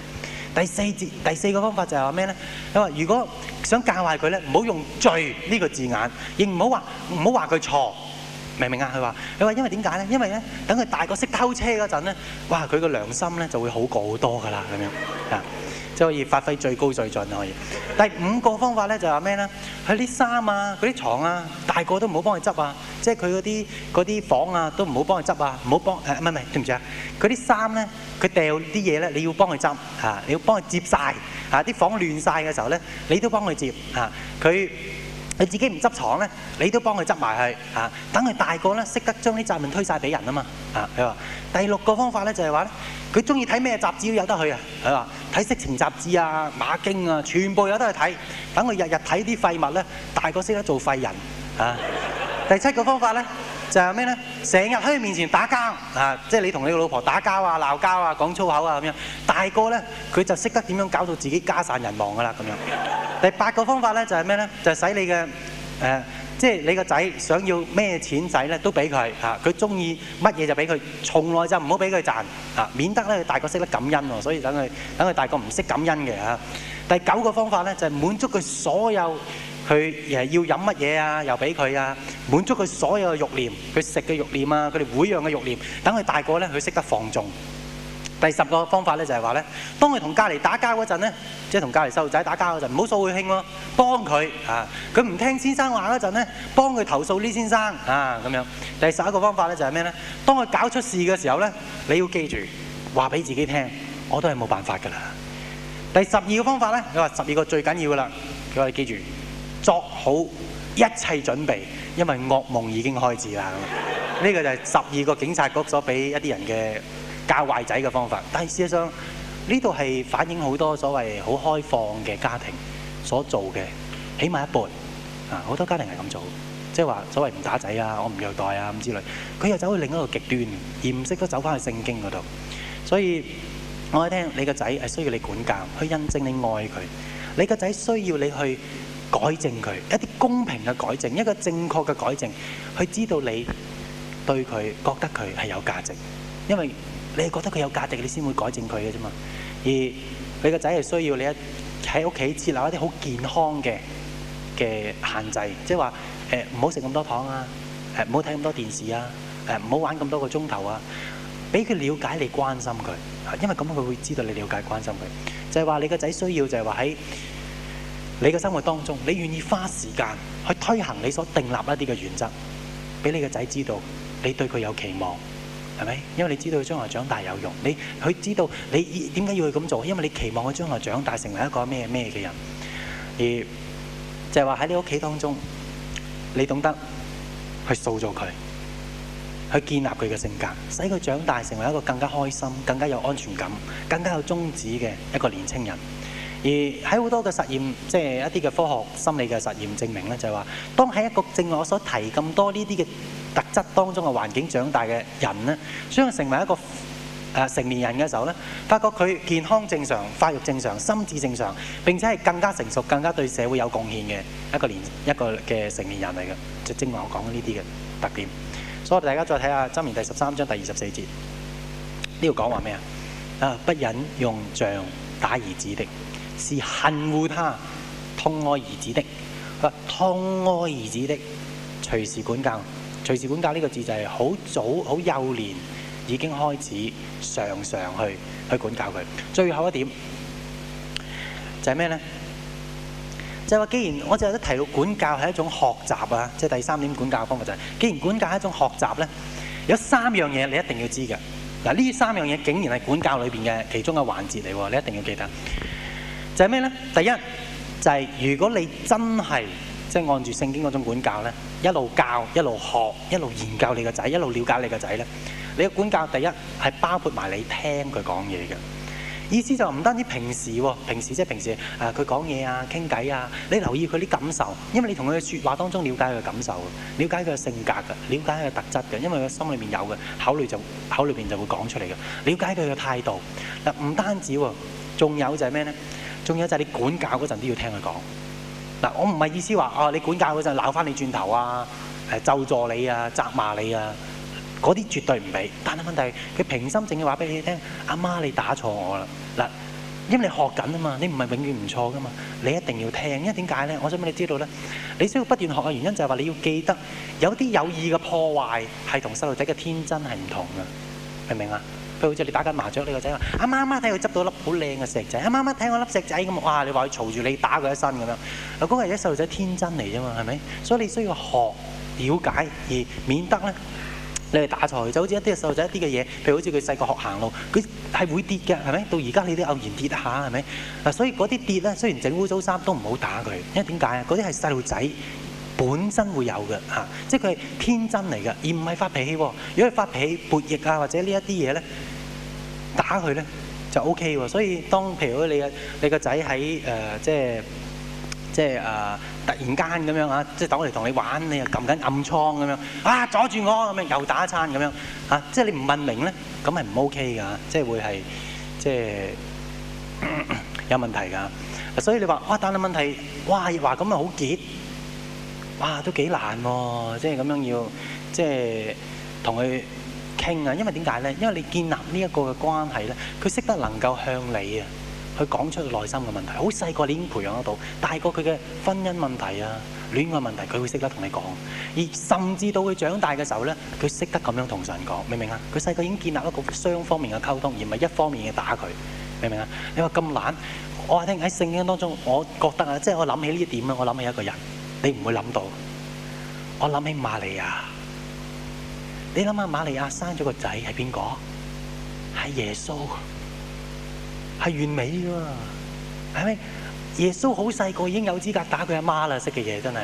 第四節第四個方法就係話咩咧？佢話如果想教壞佢咧，唔好用罪呢、這個字眼，亦唔好話唔好話佢錯。明唔明啊？佢話，佢話因為點解咧？因為咧，等佢大個識偷車嗰陣咧，哇！佢個良心咧就會好過好多㗎啦，咁樣啊，即 係可以發揮最高最盡可以。 第五個方法咧就係咩咧？佢啲衫啊，嗰啲床啊、床啊，大個都唔好幫佢執啊，即係佢嗰啲啲房啊，都唔好幫佢執啊，唔好幫誒唔係唔係對唔住啊！佢啲衫咧，佢掉啲嘢咧，你要幫佢執啊，你要幫佢接晒，啊！啲房亂晒嘅時候咧，你都幫佢接啊！佢你自己唔執廠咧，你都幫佢執埋去，等佢大個咧識得將啲責任推晒俾人嘛、啊、第六個方法就係話咧，佢中意睇咩雜誌都有得去啊。睇色情雜誌啊、馬經啊，全部有得去睇。等佢日日睇啲廢物咧，大個識得做廢人、啊、 第七個方法呢。就係咩呢？成日喺佢面前打交啊！即係你同你個老婆打交啊、鬧交啊、講粗口啊咁樣。大個呢，佢就識得點樣搞到自己家散人亡噶啦咁樣。第八個方法呢就係咩呢？就係使你嘅誒，即係你個仔想要咩錢仔呢，都俾佢啊！佢中意乜嘢就俾佢，從來就唔好俾佢賺啊，免得呢佢大個識得感恩喎。所以等佢等佢大個唔識感恩嘅啊。第九個方法呢就係滿足佢所有。佢誒要飲乜嘢啊？又俾佢啊，滿足佢所有嘅慾念，佢食嘅慾念啊，佢哋會養嘅慾念，等佢大個咧，佢識得放縱。第十個方法咧就係話咧，當佢同隔籬打交嗰陣咧，即係同隔籬細路仔打交嗰陣，唔好掃佢興喎，幫佢啊！佢唔聽先生話嗰陣咧，幫佢投訴呢先生啊咁樣。第十一個方法咧就係咩咧？當佢搞出事嘅時候咧，你要記住話俾自己聽，我都係冇辦法㗎啦。第十二個方法咧，佢話十二個最緊要㗎啦，佢話你記住。作好一切準備，因為噩夢已經開始啦。呢個就係十二個警察局所俾一啲人嘅教壞仔嘅方法。但係事實上呢度係反映好多所謂好開放嘅家庭所做嘅，起碼一半啊，好多家庭係咁做，即係話所謂唔打仔啊，我唔虐待啊咁之類。佢又走去另一個極端，而唔識得走翻去聖經嗰度。所以我一聽你個仔係需要你管教，去印證你愛佢。你個仔需要你去。改正佢一啲公平嘅改正，一個正確嘅改正，去知道你對佢覺得佢係有價值，因為你覺得佢有價值，你先會改正佢嘅啫嘛。而你個仔係需要你喺屋企設立一啲好健康嘅嘅限制，即係話誒唔好食咁多糖啊，誒唔好睇咁多電視啊，誒唔好玩咁多個鐘頭啊，俾佢瞭解你關心佢，因為咁佢會知道你瞭解關心佢，就係話你個仔需要就係話喺。你嘅生活當中，你願意花時間去推行你所定立的一啲嘅原則，畀你個仔知道，你對佢有期望，係咪？因為你知道佢將來長大有用，你他知道你點解要他這咁做，因為你期望佢將來長大成為一個咩咩嘅人。而就係話喺你屋企當中，你懂得去塑造佢，去建立佢嘅性格，使佢長大成為一個更加開心、更加有安全感、更加有宗旨嘅一個年輕人。而喺好多嘅實驗，即係一啲嘅科學心理嘅實驗，證明咧就係話，當喺一個正如我所提咁多呢啲嘅特質當中嘅環境長大嘅人咧，將成為一個誒成年人嘅時候咧，發覺佢健康正常、發育正常、心智正常，並且係更加成熟、更加對社會有貢獻嘅一個年一個嘅成年人嚟嘅，就正如我講嘅呢啲嘅特點。所以大家再睇下《箴言》第十三章第二十四節，呢度講話咩啊？啊，不忍用杖打兒子的。是恨惡他，痛愛兒子的。佢話：痛愛兒子的，隨時管教，隨時管教。呢個字就係好早、好幼年已經開始上上，常常去去管教佢。最後一點就係、是、咩呢？就話、是、既然我就喺度提到管教係一種學習啊，即、就、係、是、第三點管教方法就係、是：既然管教係一種學習呢，有三樣嘢你一定要知嘅嗱。呢三樣嘢竟然係管教裏邊嘅其中嘅環節嚟喎，你一定要記得。就係咩呢？第一就係如果你真係即係按住聖經嗰種管教呢，一路教、一路學、一路研究你個仔、一路了解你個仔呢，你嘅管教第一係包括埋你聽佢講嘢嘅意思，就唔單止平時喎，平時即係平時啊，佢講嘢啊、傾偈啊，你留意佢啲感受，因為你同佢嘅説話當中了解佢嘅感受，了解佢嘅性格嘅，瞭解佢嘅特質嘅，因為佢心裏面有嘅，口裏就口裏邊就會講出嚟嘅，了解佢嘅態度嗱，唔單止喎，仲有就係咩呢？仲有就係你管教嗰陣都要聽佢講。嗱，我唔係意思話啊，你管教嗰陣鬧返你轉頭啊，誒咒助你啊，責罵你啊，嗰啲絕對唔俾。但係問題係，佢平心靜氣話俾你聽，阿媽你打錯我啦。嗱，因為你學緊啊嘛，你唔係永遠唔錯噶嘛，你一定要聽。因為點解咧？我想俾你知道咧，你需要不斷學嘅原因就係話你要記得，有啲有意嘅破壞係同細路仔嘅天真係唔同嘅，明唔明啊？佢好似你打緊麻雀呢個仔話：阿媽阿媽，睇佢執到粒好靚嘅石仔，阿媽阿媽，睇我粒石仔咁。哇！你話佢嘈住你打佢一身咁樣。嗱，嗰個係一細路仔天真嚟啫嘛，係咪？所以你需要學了解而免得咧，你係打錯。就好似一啲細路仔一啲嘅嘢，譬如好似佢細個學行路，佢係會跌嘅，係咪？到而家你都偶然跌得下，係咪？嗱，所以嗰啲跌咧，雖然整污糟衫都唔好打佢，因為點解啊？嗰啲係細路仔本身會有嘅嚇，即係佢係天真嚟嘅，而唔係發，發脾氣。如果係發脾氣、潑逆啊，或者這些東西呢一啲嘢咧。打佢咧就 O K 喎，所以當譬如講你嘅你個仔喺誒即係即係誒突然間咁樣啊，即係等我嚟同你玩，你又撳緊暗倉咁樣，啊阻住我咁樣又打一餐咁樣啊，即係你唔問明咧，咁係唔 O K 㗎，即係會係即係有問題㗎，所以你話啊，但係問題，哇話咁咪好結，哇都幾難喎，即係咁樣要即係同佢。傾啊，因為點解呢？因為你建立呢一個嘅關係呢，佢識得能夠向你啊，去講出佢內心嘅問題。好細個你已經培養得到，大個佢嘅婚姻問題啊、戀愛問題，佢會識得同你講。而甚至到佢長大嘅時候呢，佢識得咁樣同神講，明唔明啊？佢細個已經建立一個雙方面嘅溝通，而唔係一方面嘅打佢，明唔明啊？你話咁懶，我話聽喺聖經當中，我覺得啊，即係我諗起呢一點咧，我諗起一個人，你唔會諗到，我諗起瑪利亞。你諗下，瑪利亞生咗個仔係邊個？係耶穌，係完美嘅喎，係咪？耶穌好細個已經有資格打佢阿媽啦，識嘅嘢真係。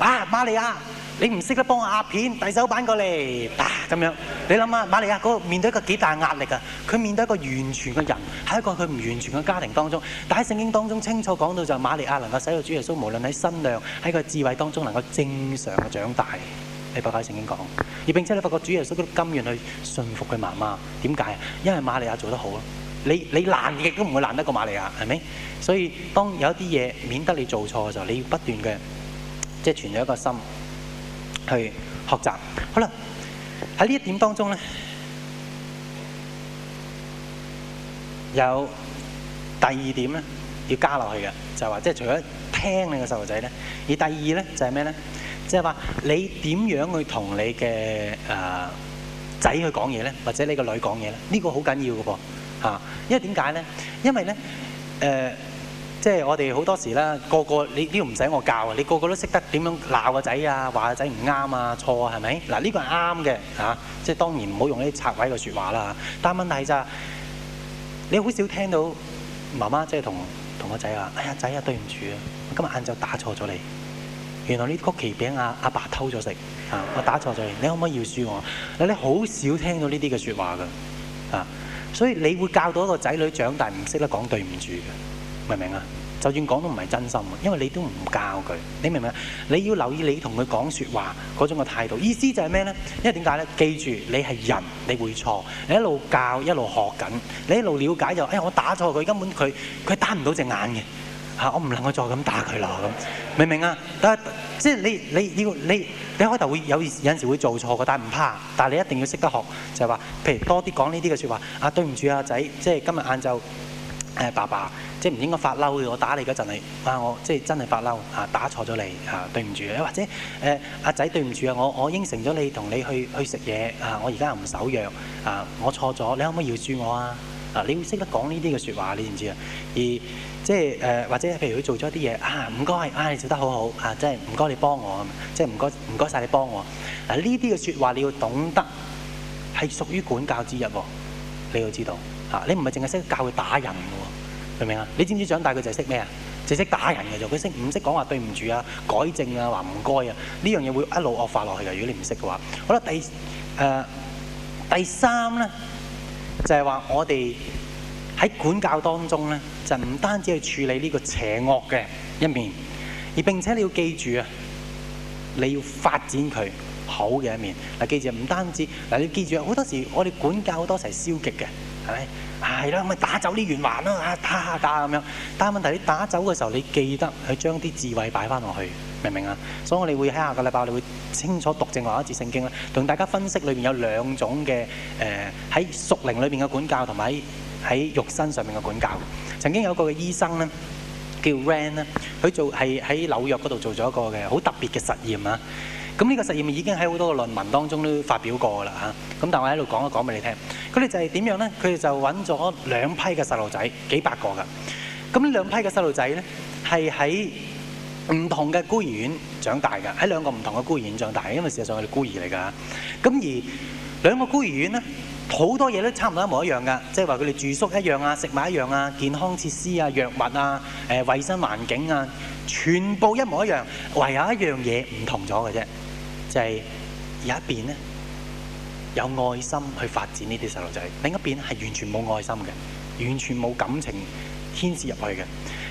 啊，瑪利亞，你唔識得幫我壓片，遞手板過嚟，啊，咁樣。你諗下，瑪利亞個面對一個幾大壓力啊！佢面對一個完全嘅人，喺一個佢唔完全嘅家庭當中，但喺聖經當中清楚講到，就瑪利亞能夠使到主耶穌，無論喺身量喺個智慧當中，能夠正常嘅長大。你拜拜曾經講，而並且你發覺主耶穌都甘願去順服佢媽媽，點解啊？因為瑪利亞做得好咯。你你難極都唔會難得過瑪利亞，係咪？所以當有一啲嘢免得你做錯嘅時候，你要不斷嘅即係存咗一個心去學習。好啦，喺呢一點當中咧，有第二點咧要加落去嘅，就係話即係除咗聽你嘅細路仔咧，而第二咧就係咩咧？即係話你點樣去同你嘅誒仔去講嘢咧，或者你個女講嘢咧？呢個好緊要嘅噃嚇，因為點解咧？因為咧誒，即係我哋好多時啦，個個你呢個唔使我教啊，你個個都識得點樣鬧個仔啊，話個仔唔啱啊，錯啊，係咪？嗱，呢個係啱嘅嚇，即係當然唔好用呢啲拆毀嘅説話啦。但係問題就係，你好少聽到媽媽即係同同個仔話，哎呀，仔啊，對唔住啊，今日晏晝打錯咗你。原來呢，曲奇餅阿阿爸偷咗食，啊！我打錯咗，你可唔可以要輸我？嗱，你好少聽到呢啲嘅説話㗎，啊！所以你會教到一個仔女長大唔識得講對唔住嘅，明唔明啊？就算講都唔係真心，因為你都唔教佢，你明唔明啊？你要留意你同佢講説話嗰種嘅態度，意思就係咩呢？因為點解呢？記住，你係人，你會錯，你一路教一路學緊，你一路了解就，哎呀，我打錯佢，根本佢佢打唔到隻眼嘅。嚇！我唔能夠再咁打佢喇，咁，明唔明啊？誒，即係你你要你你，你開頭會有有陣時會做錯嘅，但係唔怕，但係你一定要識得學，就係話，譬如多啲講呢啲嘅説話。啊，對唔住啊，仔，即係今日晏晝誒爸爸，即係唔應該發嬲嘅，我打你嗰陣係啊，我即係真係發嬲啊，打錯咗你啊，對唔住或者誒阿仔對唔住啊，我我應承咗你同你去去食嘢啊，我而家又唔守約啊，我錯咗，你可唔可以饒恕我啊？啊，你要識得講呢啲嘅説話，你唔知啊？而即係誒，或者譬如佢做咗一啲嘢啊，唔該，啊你做得好好啊，即係唔該你幫我，即係唔該唔該曬你幫我。嗱，呢啲嘅説話你要懂得係屬於管教之一喎，你要知道嚇，你唔係淨係識教佢打人嘅喎，明唔明啊？你，不他你知唔知長大佢就係識咩啊？就識打人嘅啫，佢識唔識講話對唔住啊、改正啊、話唔該啊？呢樣嘢會一路惡化落去嘅，如果你唔識嘅話。好啦，第誒、呃、第三咧就係、是、話我哋。喺管教當中咧，就唔單止去處理呢個邪惡嘅一面，而並且你要記住啊，你要發展佢好嘅一面。嗱，記住唔單止嗱，你記住好多時我哋管教好多時係消極嘅，係咪係啦？咪、啊、打走啲怨話咯，打下打咁樣。但係問題你打走嘅時候，你記得去將啲智慧擺翻落去，明唔明啊？所以我哋會喺下個禮拜，我哋會清楚讀正話一節聖經啦，同大家分析裏邊有兩種嘅誒喺屬靈裏邊嘅管教同埋。喺肉身上面嘅管教，曾經有一個嘅醫生咧，叫 Rand 咧，佢做係喺紐約嗰度做咗一個嘅好特別嘅實驗啊！咁呢個實驗已經喺好多個論文當中都發表過噶啦嚇，咁但係我喺度講一講俾你聽。佢哋就係點樣咧？佢哋就揾咗兩批嘅細路仔，幾百個噶。咁呢兩批嘅細路仔咧，係喺唔同嘅孤兒院長大嘅，喺兩個唔同嘅孤兒院長大嘅，因為事實上佢哋孤兒嚟噶。咁而兩個孤兒院咧。好多嘢都差唔多一模一樣㗎，即係話佢哋住宿一樣啊，食物一樣啊，健康設施啊，藥物啊，誒、呃，衞生環境啊，全部一模一樣，唯有一樣嘢唔同咗嘅啫，就係、是、有一邊呢，有愛心去發展呢啲細路仔，另一邊係完全冇愛心嘅，完全冇感情牽涉入去嘅。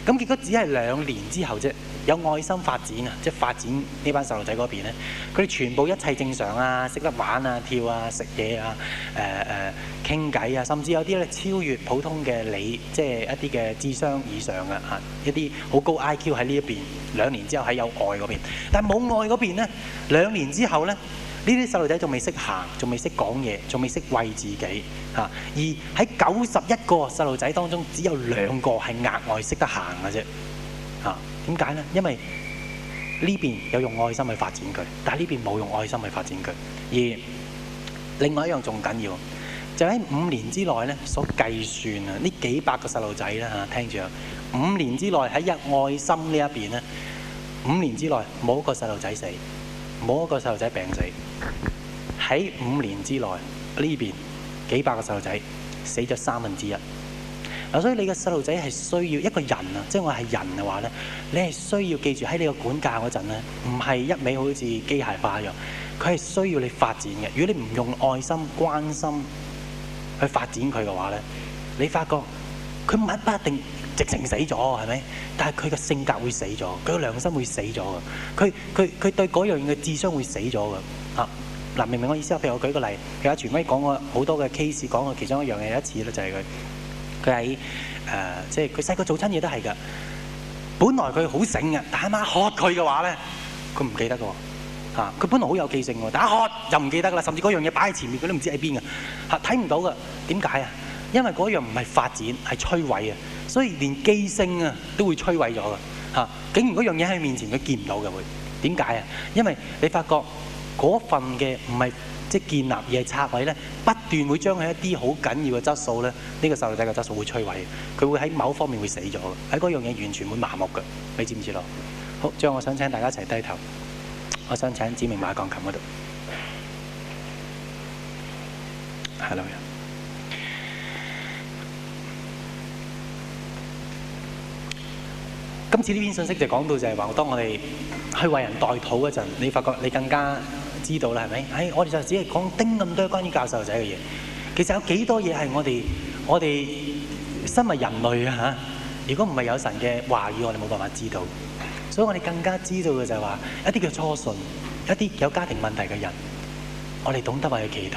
咁結果只係兩年之後啫，有愛心發展啊，即係發展呢班細路仔嗰邊咧，佢哋全部一切正常啊、呃、啊，識得玩啊、跳啊、食嘢啊、誒誒傾偈啊，甚至有啲咧超越普通嘅你，即、就、係、係、一啲嘅智商以上嘅啊，一啲好高 IQ 喺呢一邊。兩年之後喺有愛嗰邊，但係冇愛嗰邊咧，兩年之後咧。呢啲細路仔仲未識行，仲未識講嘢，仲未識為自己嚇。而喺九十一個細路仔當中，只有兩個係額外識得行嘅啫。嚇，點解呢？因為呢邊有用愛心去發展佢，但係呢邊冇用愛心去發展佢。而另外一樣仲緊要，就喺、是、五年之內呢所計算啊，呢幾百個細路仔咧嚇，聽住啊，五年之內喺一愛心呢一邊呢，五年之內冇一個細路仔死。冇一個細路仔病死，喺五年之內呢邊幾百個細路仔死咗三分之一。啊，所以你嘅細路仔係需要一個人啊，即係我係人嘅話咧，你係需要記住喺你個管教嗰陣咧，唔係一味好似機械化咁，佢係需要你發展嘅。如果你唔用愛心關心去發展佢嘅話咧，你發覺佢唔係一定，直情死咗，係咪？但係佢嘅性格會死咗，佢嘅良心會死咗嘅。佢佢佢對嗰樣嘅智商會死咗嘅嚇。嗱、啊，明明我意思，譬如我舉個例，有阿全威講過好多嘅 case，講過其中一樣嘢，有一次咧就係佢佢喺誒，即係佢細個做親嘢都係㗎。本來佢好醒嘅，但係阿媽喝佢嘅話咧，佢唔記得㗎嚇。佢、啊、本來好有記性㗎，但係一喝就唔記得啦。甚至嗰樣嘢擺喺前面，佢都唔知喺邊嘅嚇，睇、啊、唔到㗎。點解啊？因為嗰樣唔係發展，係摧毀啊！所以連機聲啊都會摧毀咗㗎嚇，竟然嗰樣嘢喺面前佢見唔到嘅，會點解啊？因為你發覺嗰份嘅唔係即係建立而係拆毀咧，不斷會將佢一啲好緊要嘅質素咧，呢、這個細路仔嘅質素會摧毀，佢會喺某方面會死咗嘅，喺嗰樣嘢完全會麻木嘅，你知唔知咯？好，最後我想請大家一齊低頭，我想請指明馬鋼琴嗰度 Hello 今次呢篇信息就講到就係話，當我哋去為人代禱嗰陣，你發覺你更加知道啦，係咪？唉、哎，我哋就只係講丁咁多關於教授仔嘅嘢。其實有幾多嘢係我哋我哋身為人類啊吓，如果唔係有神嘅話語，我哋冇辦法知道。所以我哋更加知道嘅就係話，一啲叫初信，一啲有家庭問題嘅人，我哋懂得為佢祈禱。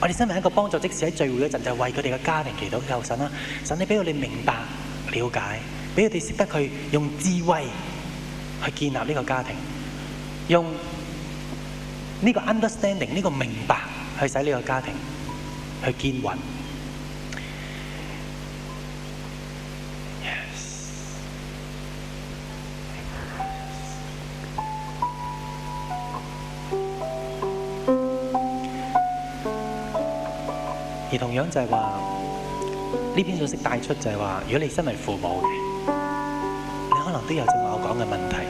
我哋身為一個幫助，即使喺聚會嗰陣，就為佢哋嘅家庭祈禱求神啦、啊。神，你俾到你明白了解。俾佢哋識得去用智慧去建立呢個家庭，用呢個 understanding 呢個明白去使呢個家庭去堅韌。 而同樣就係話，呢篇信息帶出就係話，如果你身為父母嘅。可能都有正話我講嘅問題。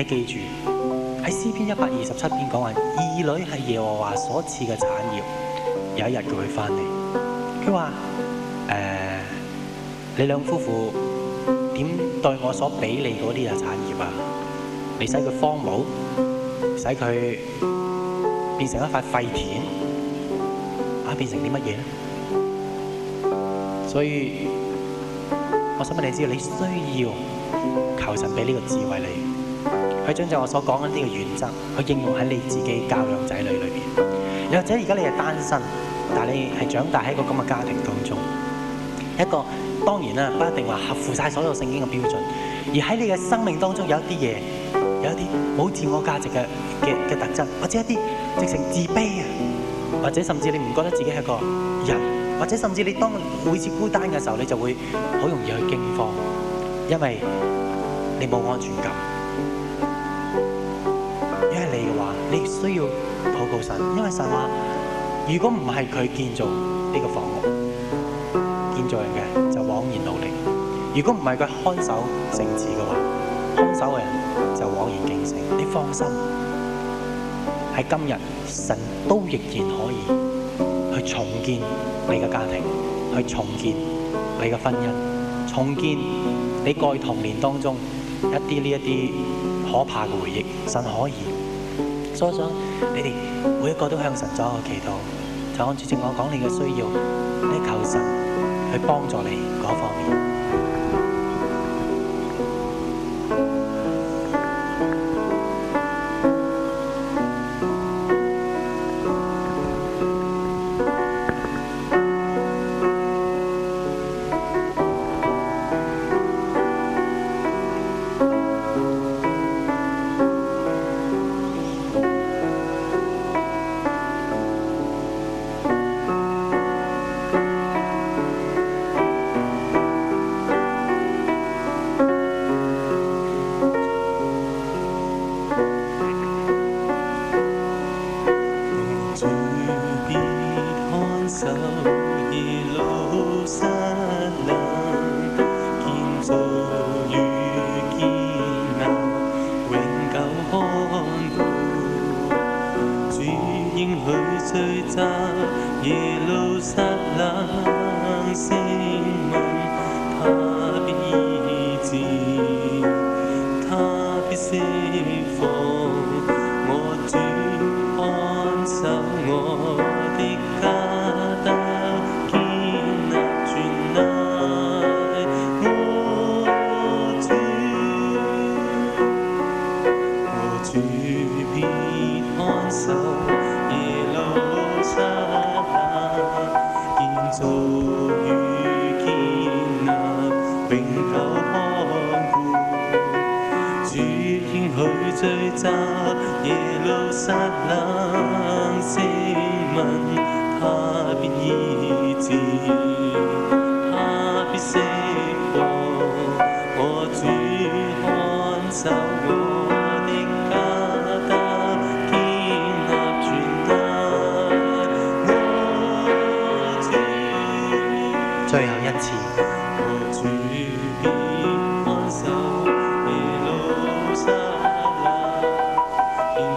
你記住喺詩篇一百二十七篇講話，兒女係耶和華所賜嘅產業，有一日佢會翻嚟。佢話：誒，你兩夫婦點對我所俾你嗰啲嘅產業啊？你使佢荒蕪，使佢變成一塊廢田，啊，變成啲乜嘢咧？所以，我想問你知道，你需要求神俾呢個智慧你，去遵照我所講嘅呢個原則，去應用喺你自己教養仔女裏邊。又或者而家你係單身，但係你係長大喺個咁嘅家庭當中，一個當然啦，不一定話合乎晒所有聖經嘅標準。而喺你嘅生命當中有一啲嘢，有一啲冇自我價值嘅嘅嘅特質，或者一啲直情自卑啊，或者甚至你唔覺得自己係個人。或者甚至你當每次孤單嘅時候，你就會好容易去驚慌，因為你冇安全感。因為你嘅話，你需要禱告神，因為神話如果唔係佢建造呢個房屋，建造人嘅就枉然努力；如果唔係佢看守城池嘅話，看守嘅人就枉然警醒。你放心，喺今日神都仍然可以去重建。你嘅家庭去重建你嘅婚姻，重建你過去童年當中一啲呢一啲可怕嘅回憶，神可以。所以我想你哋每一個都向神做一個祈禱，就按住正我講你嘅需要，你求神去幫助你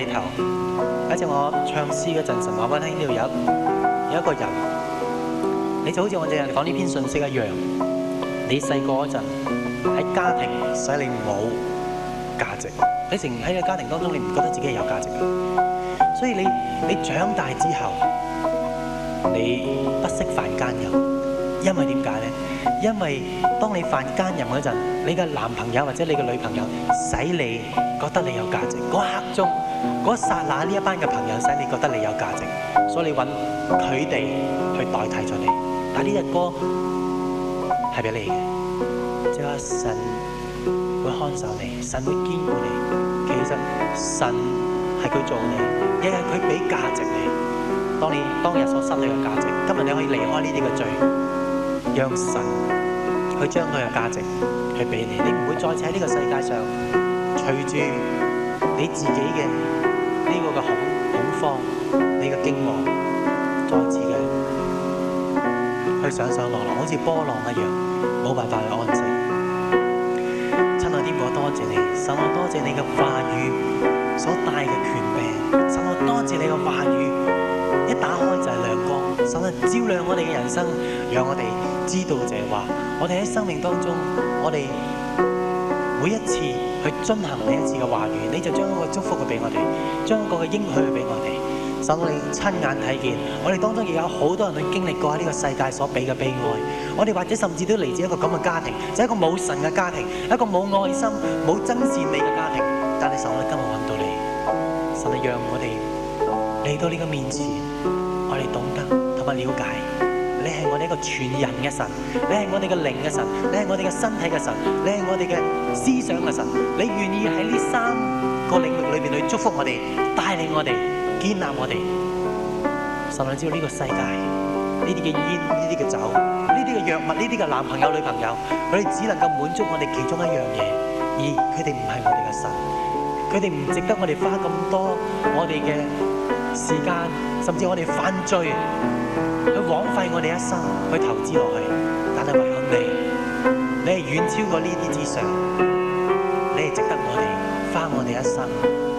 低頭，好似我唱詩嗰陣，神話我聽到有有一個人，你就好似我正日講呢篇信息一樣。你細個嗰陣喺家庭，使你冇價值。你成日喺個家庭當中，你唔覺得自己係有價值嘅。所以你你長大之後，你不識犯姦淫，因為點解咧？因為當你犯姦淫嗰陣，你嘅男朋友或者你嘅女朋友使你覺得你有價值，嗰刻中。嗰一剎那，呢一班嘅朋友使你覺得你有價值，所以你揾佢哋去代替咗你。但呢隻歌係俾你嘅，即係神會看守你，神會兼顧你。其實神係佢做你，亦係佢俾價值你。當你當日所失去嘅價值，今日你可以離開呢啲嘅罪，讓神去將佢嘅價值去俾你。你唔會再次喺呢個世界上隨住你自己嘅。你嘅驚浪，再次嘅去上上落落，好似波浪一樣，冇辦法去安靜。親愛啲天父，多謝你，神，我多謝你嘅話語所帶嘅權柄，神，我多謝你嘅話語一打開就係亮光，神，能照亮我哋嘅人生，讓我哋知道就係話。我哋喺生命當中，我哋每一次去遵行你一次嘅話語，你就將一個祝福佢俾我哋，將一個嘅應許俾我哋。神你親眼睇見，我哋當中亦有好多人去經歷過喺呢個世界所俾嘅悲哀。我哋或者甚至都嚟自一個咁嘅家庭，就係一個冇神嘅家庭，一個冇愛心、冇真善美嘅家庭。但係神，我哋今日揾到你，神係讓我哋嚟到呢個面前，我哋懂得同埋了解，你係我哋一個全人嘅神，你係我哋嘅靈嘅神，你係我哋嘅身體嘅神，你係我哋嘅思想嘅神。你願意喺呢三個領域裏邊去祝福我哋，帶領我哋。堅難我哋，甚至知道呢個世界，呢啲嘅煙，呢啲嘅酒，呢啲嘅藥物，呢啲嘅男朋友女朋友，佢哋只能夠滿足我哋其中一樣嘢，而佢哋唔係我哋嘅神，佢哋唔值得我哋花咁多我哋嘅時間，甚至我哋犯罪去枉費我哋一生去投資落去，但係唯幸你，你係遠超過呢啲之上，你係值得我哋花我哋一生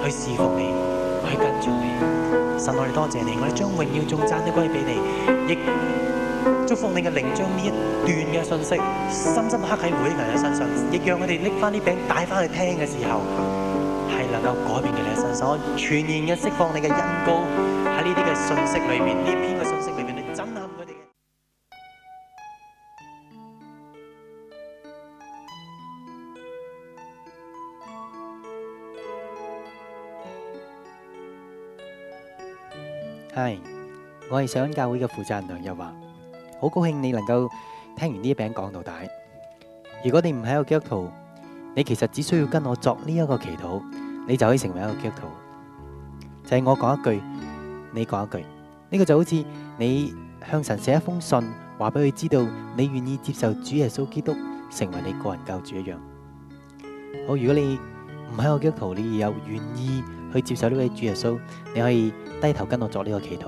去侍奉你。我跟住你，神，我哋多謝你，我哋將榮耀仲爭啲歸俾你，亦祝福你嘅靈將呢一段嘅信息深深刻喺每一個人嘅身上，亦讓我哋拎翻啲餅帶翻去聽嘅時候，係能夠改變佢哋嘅身，所全然嘅釋放你嘅恩膏，喺呢啲嘅信息裏面呢篇嘅。我係上恩教會嘅負責人梁日華，好高興你能夠聽完呢一餅講到底。如果你唔喺個基督徒，你其實只需要跟我作呢一個祈禱，你就可以成為一個基督徒。就係我講一句，你講一句，呢個就好似你向神寫一封信，話俾佢知道你願意接受主耶穌基督成為你個人救主一樣。好，如果你唔喺個基督徒，你又願意去接受呢位主耶穌，你可以低頭跟我作呢個祈禱。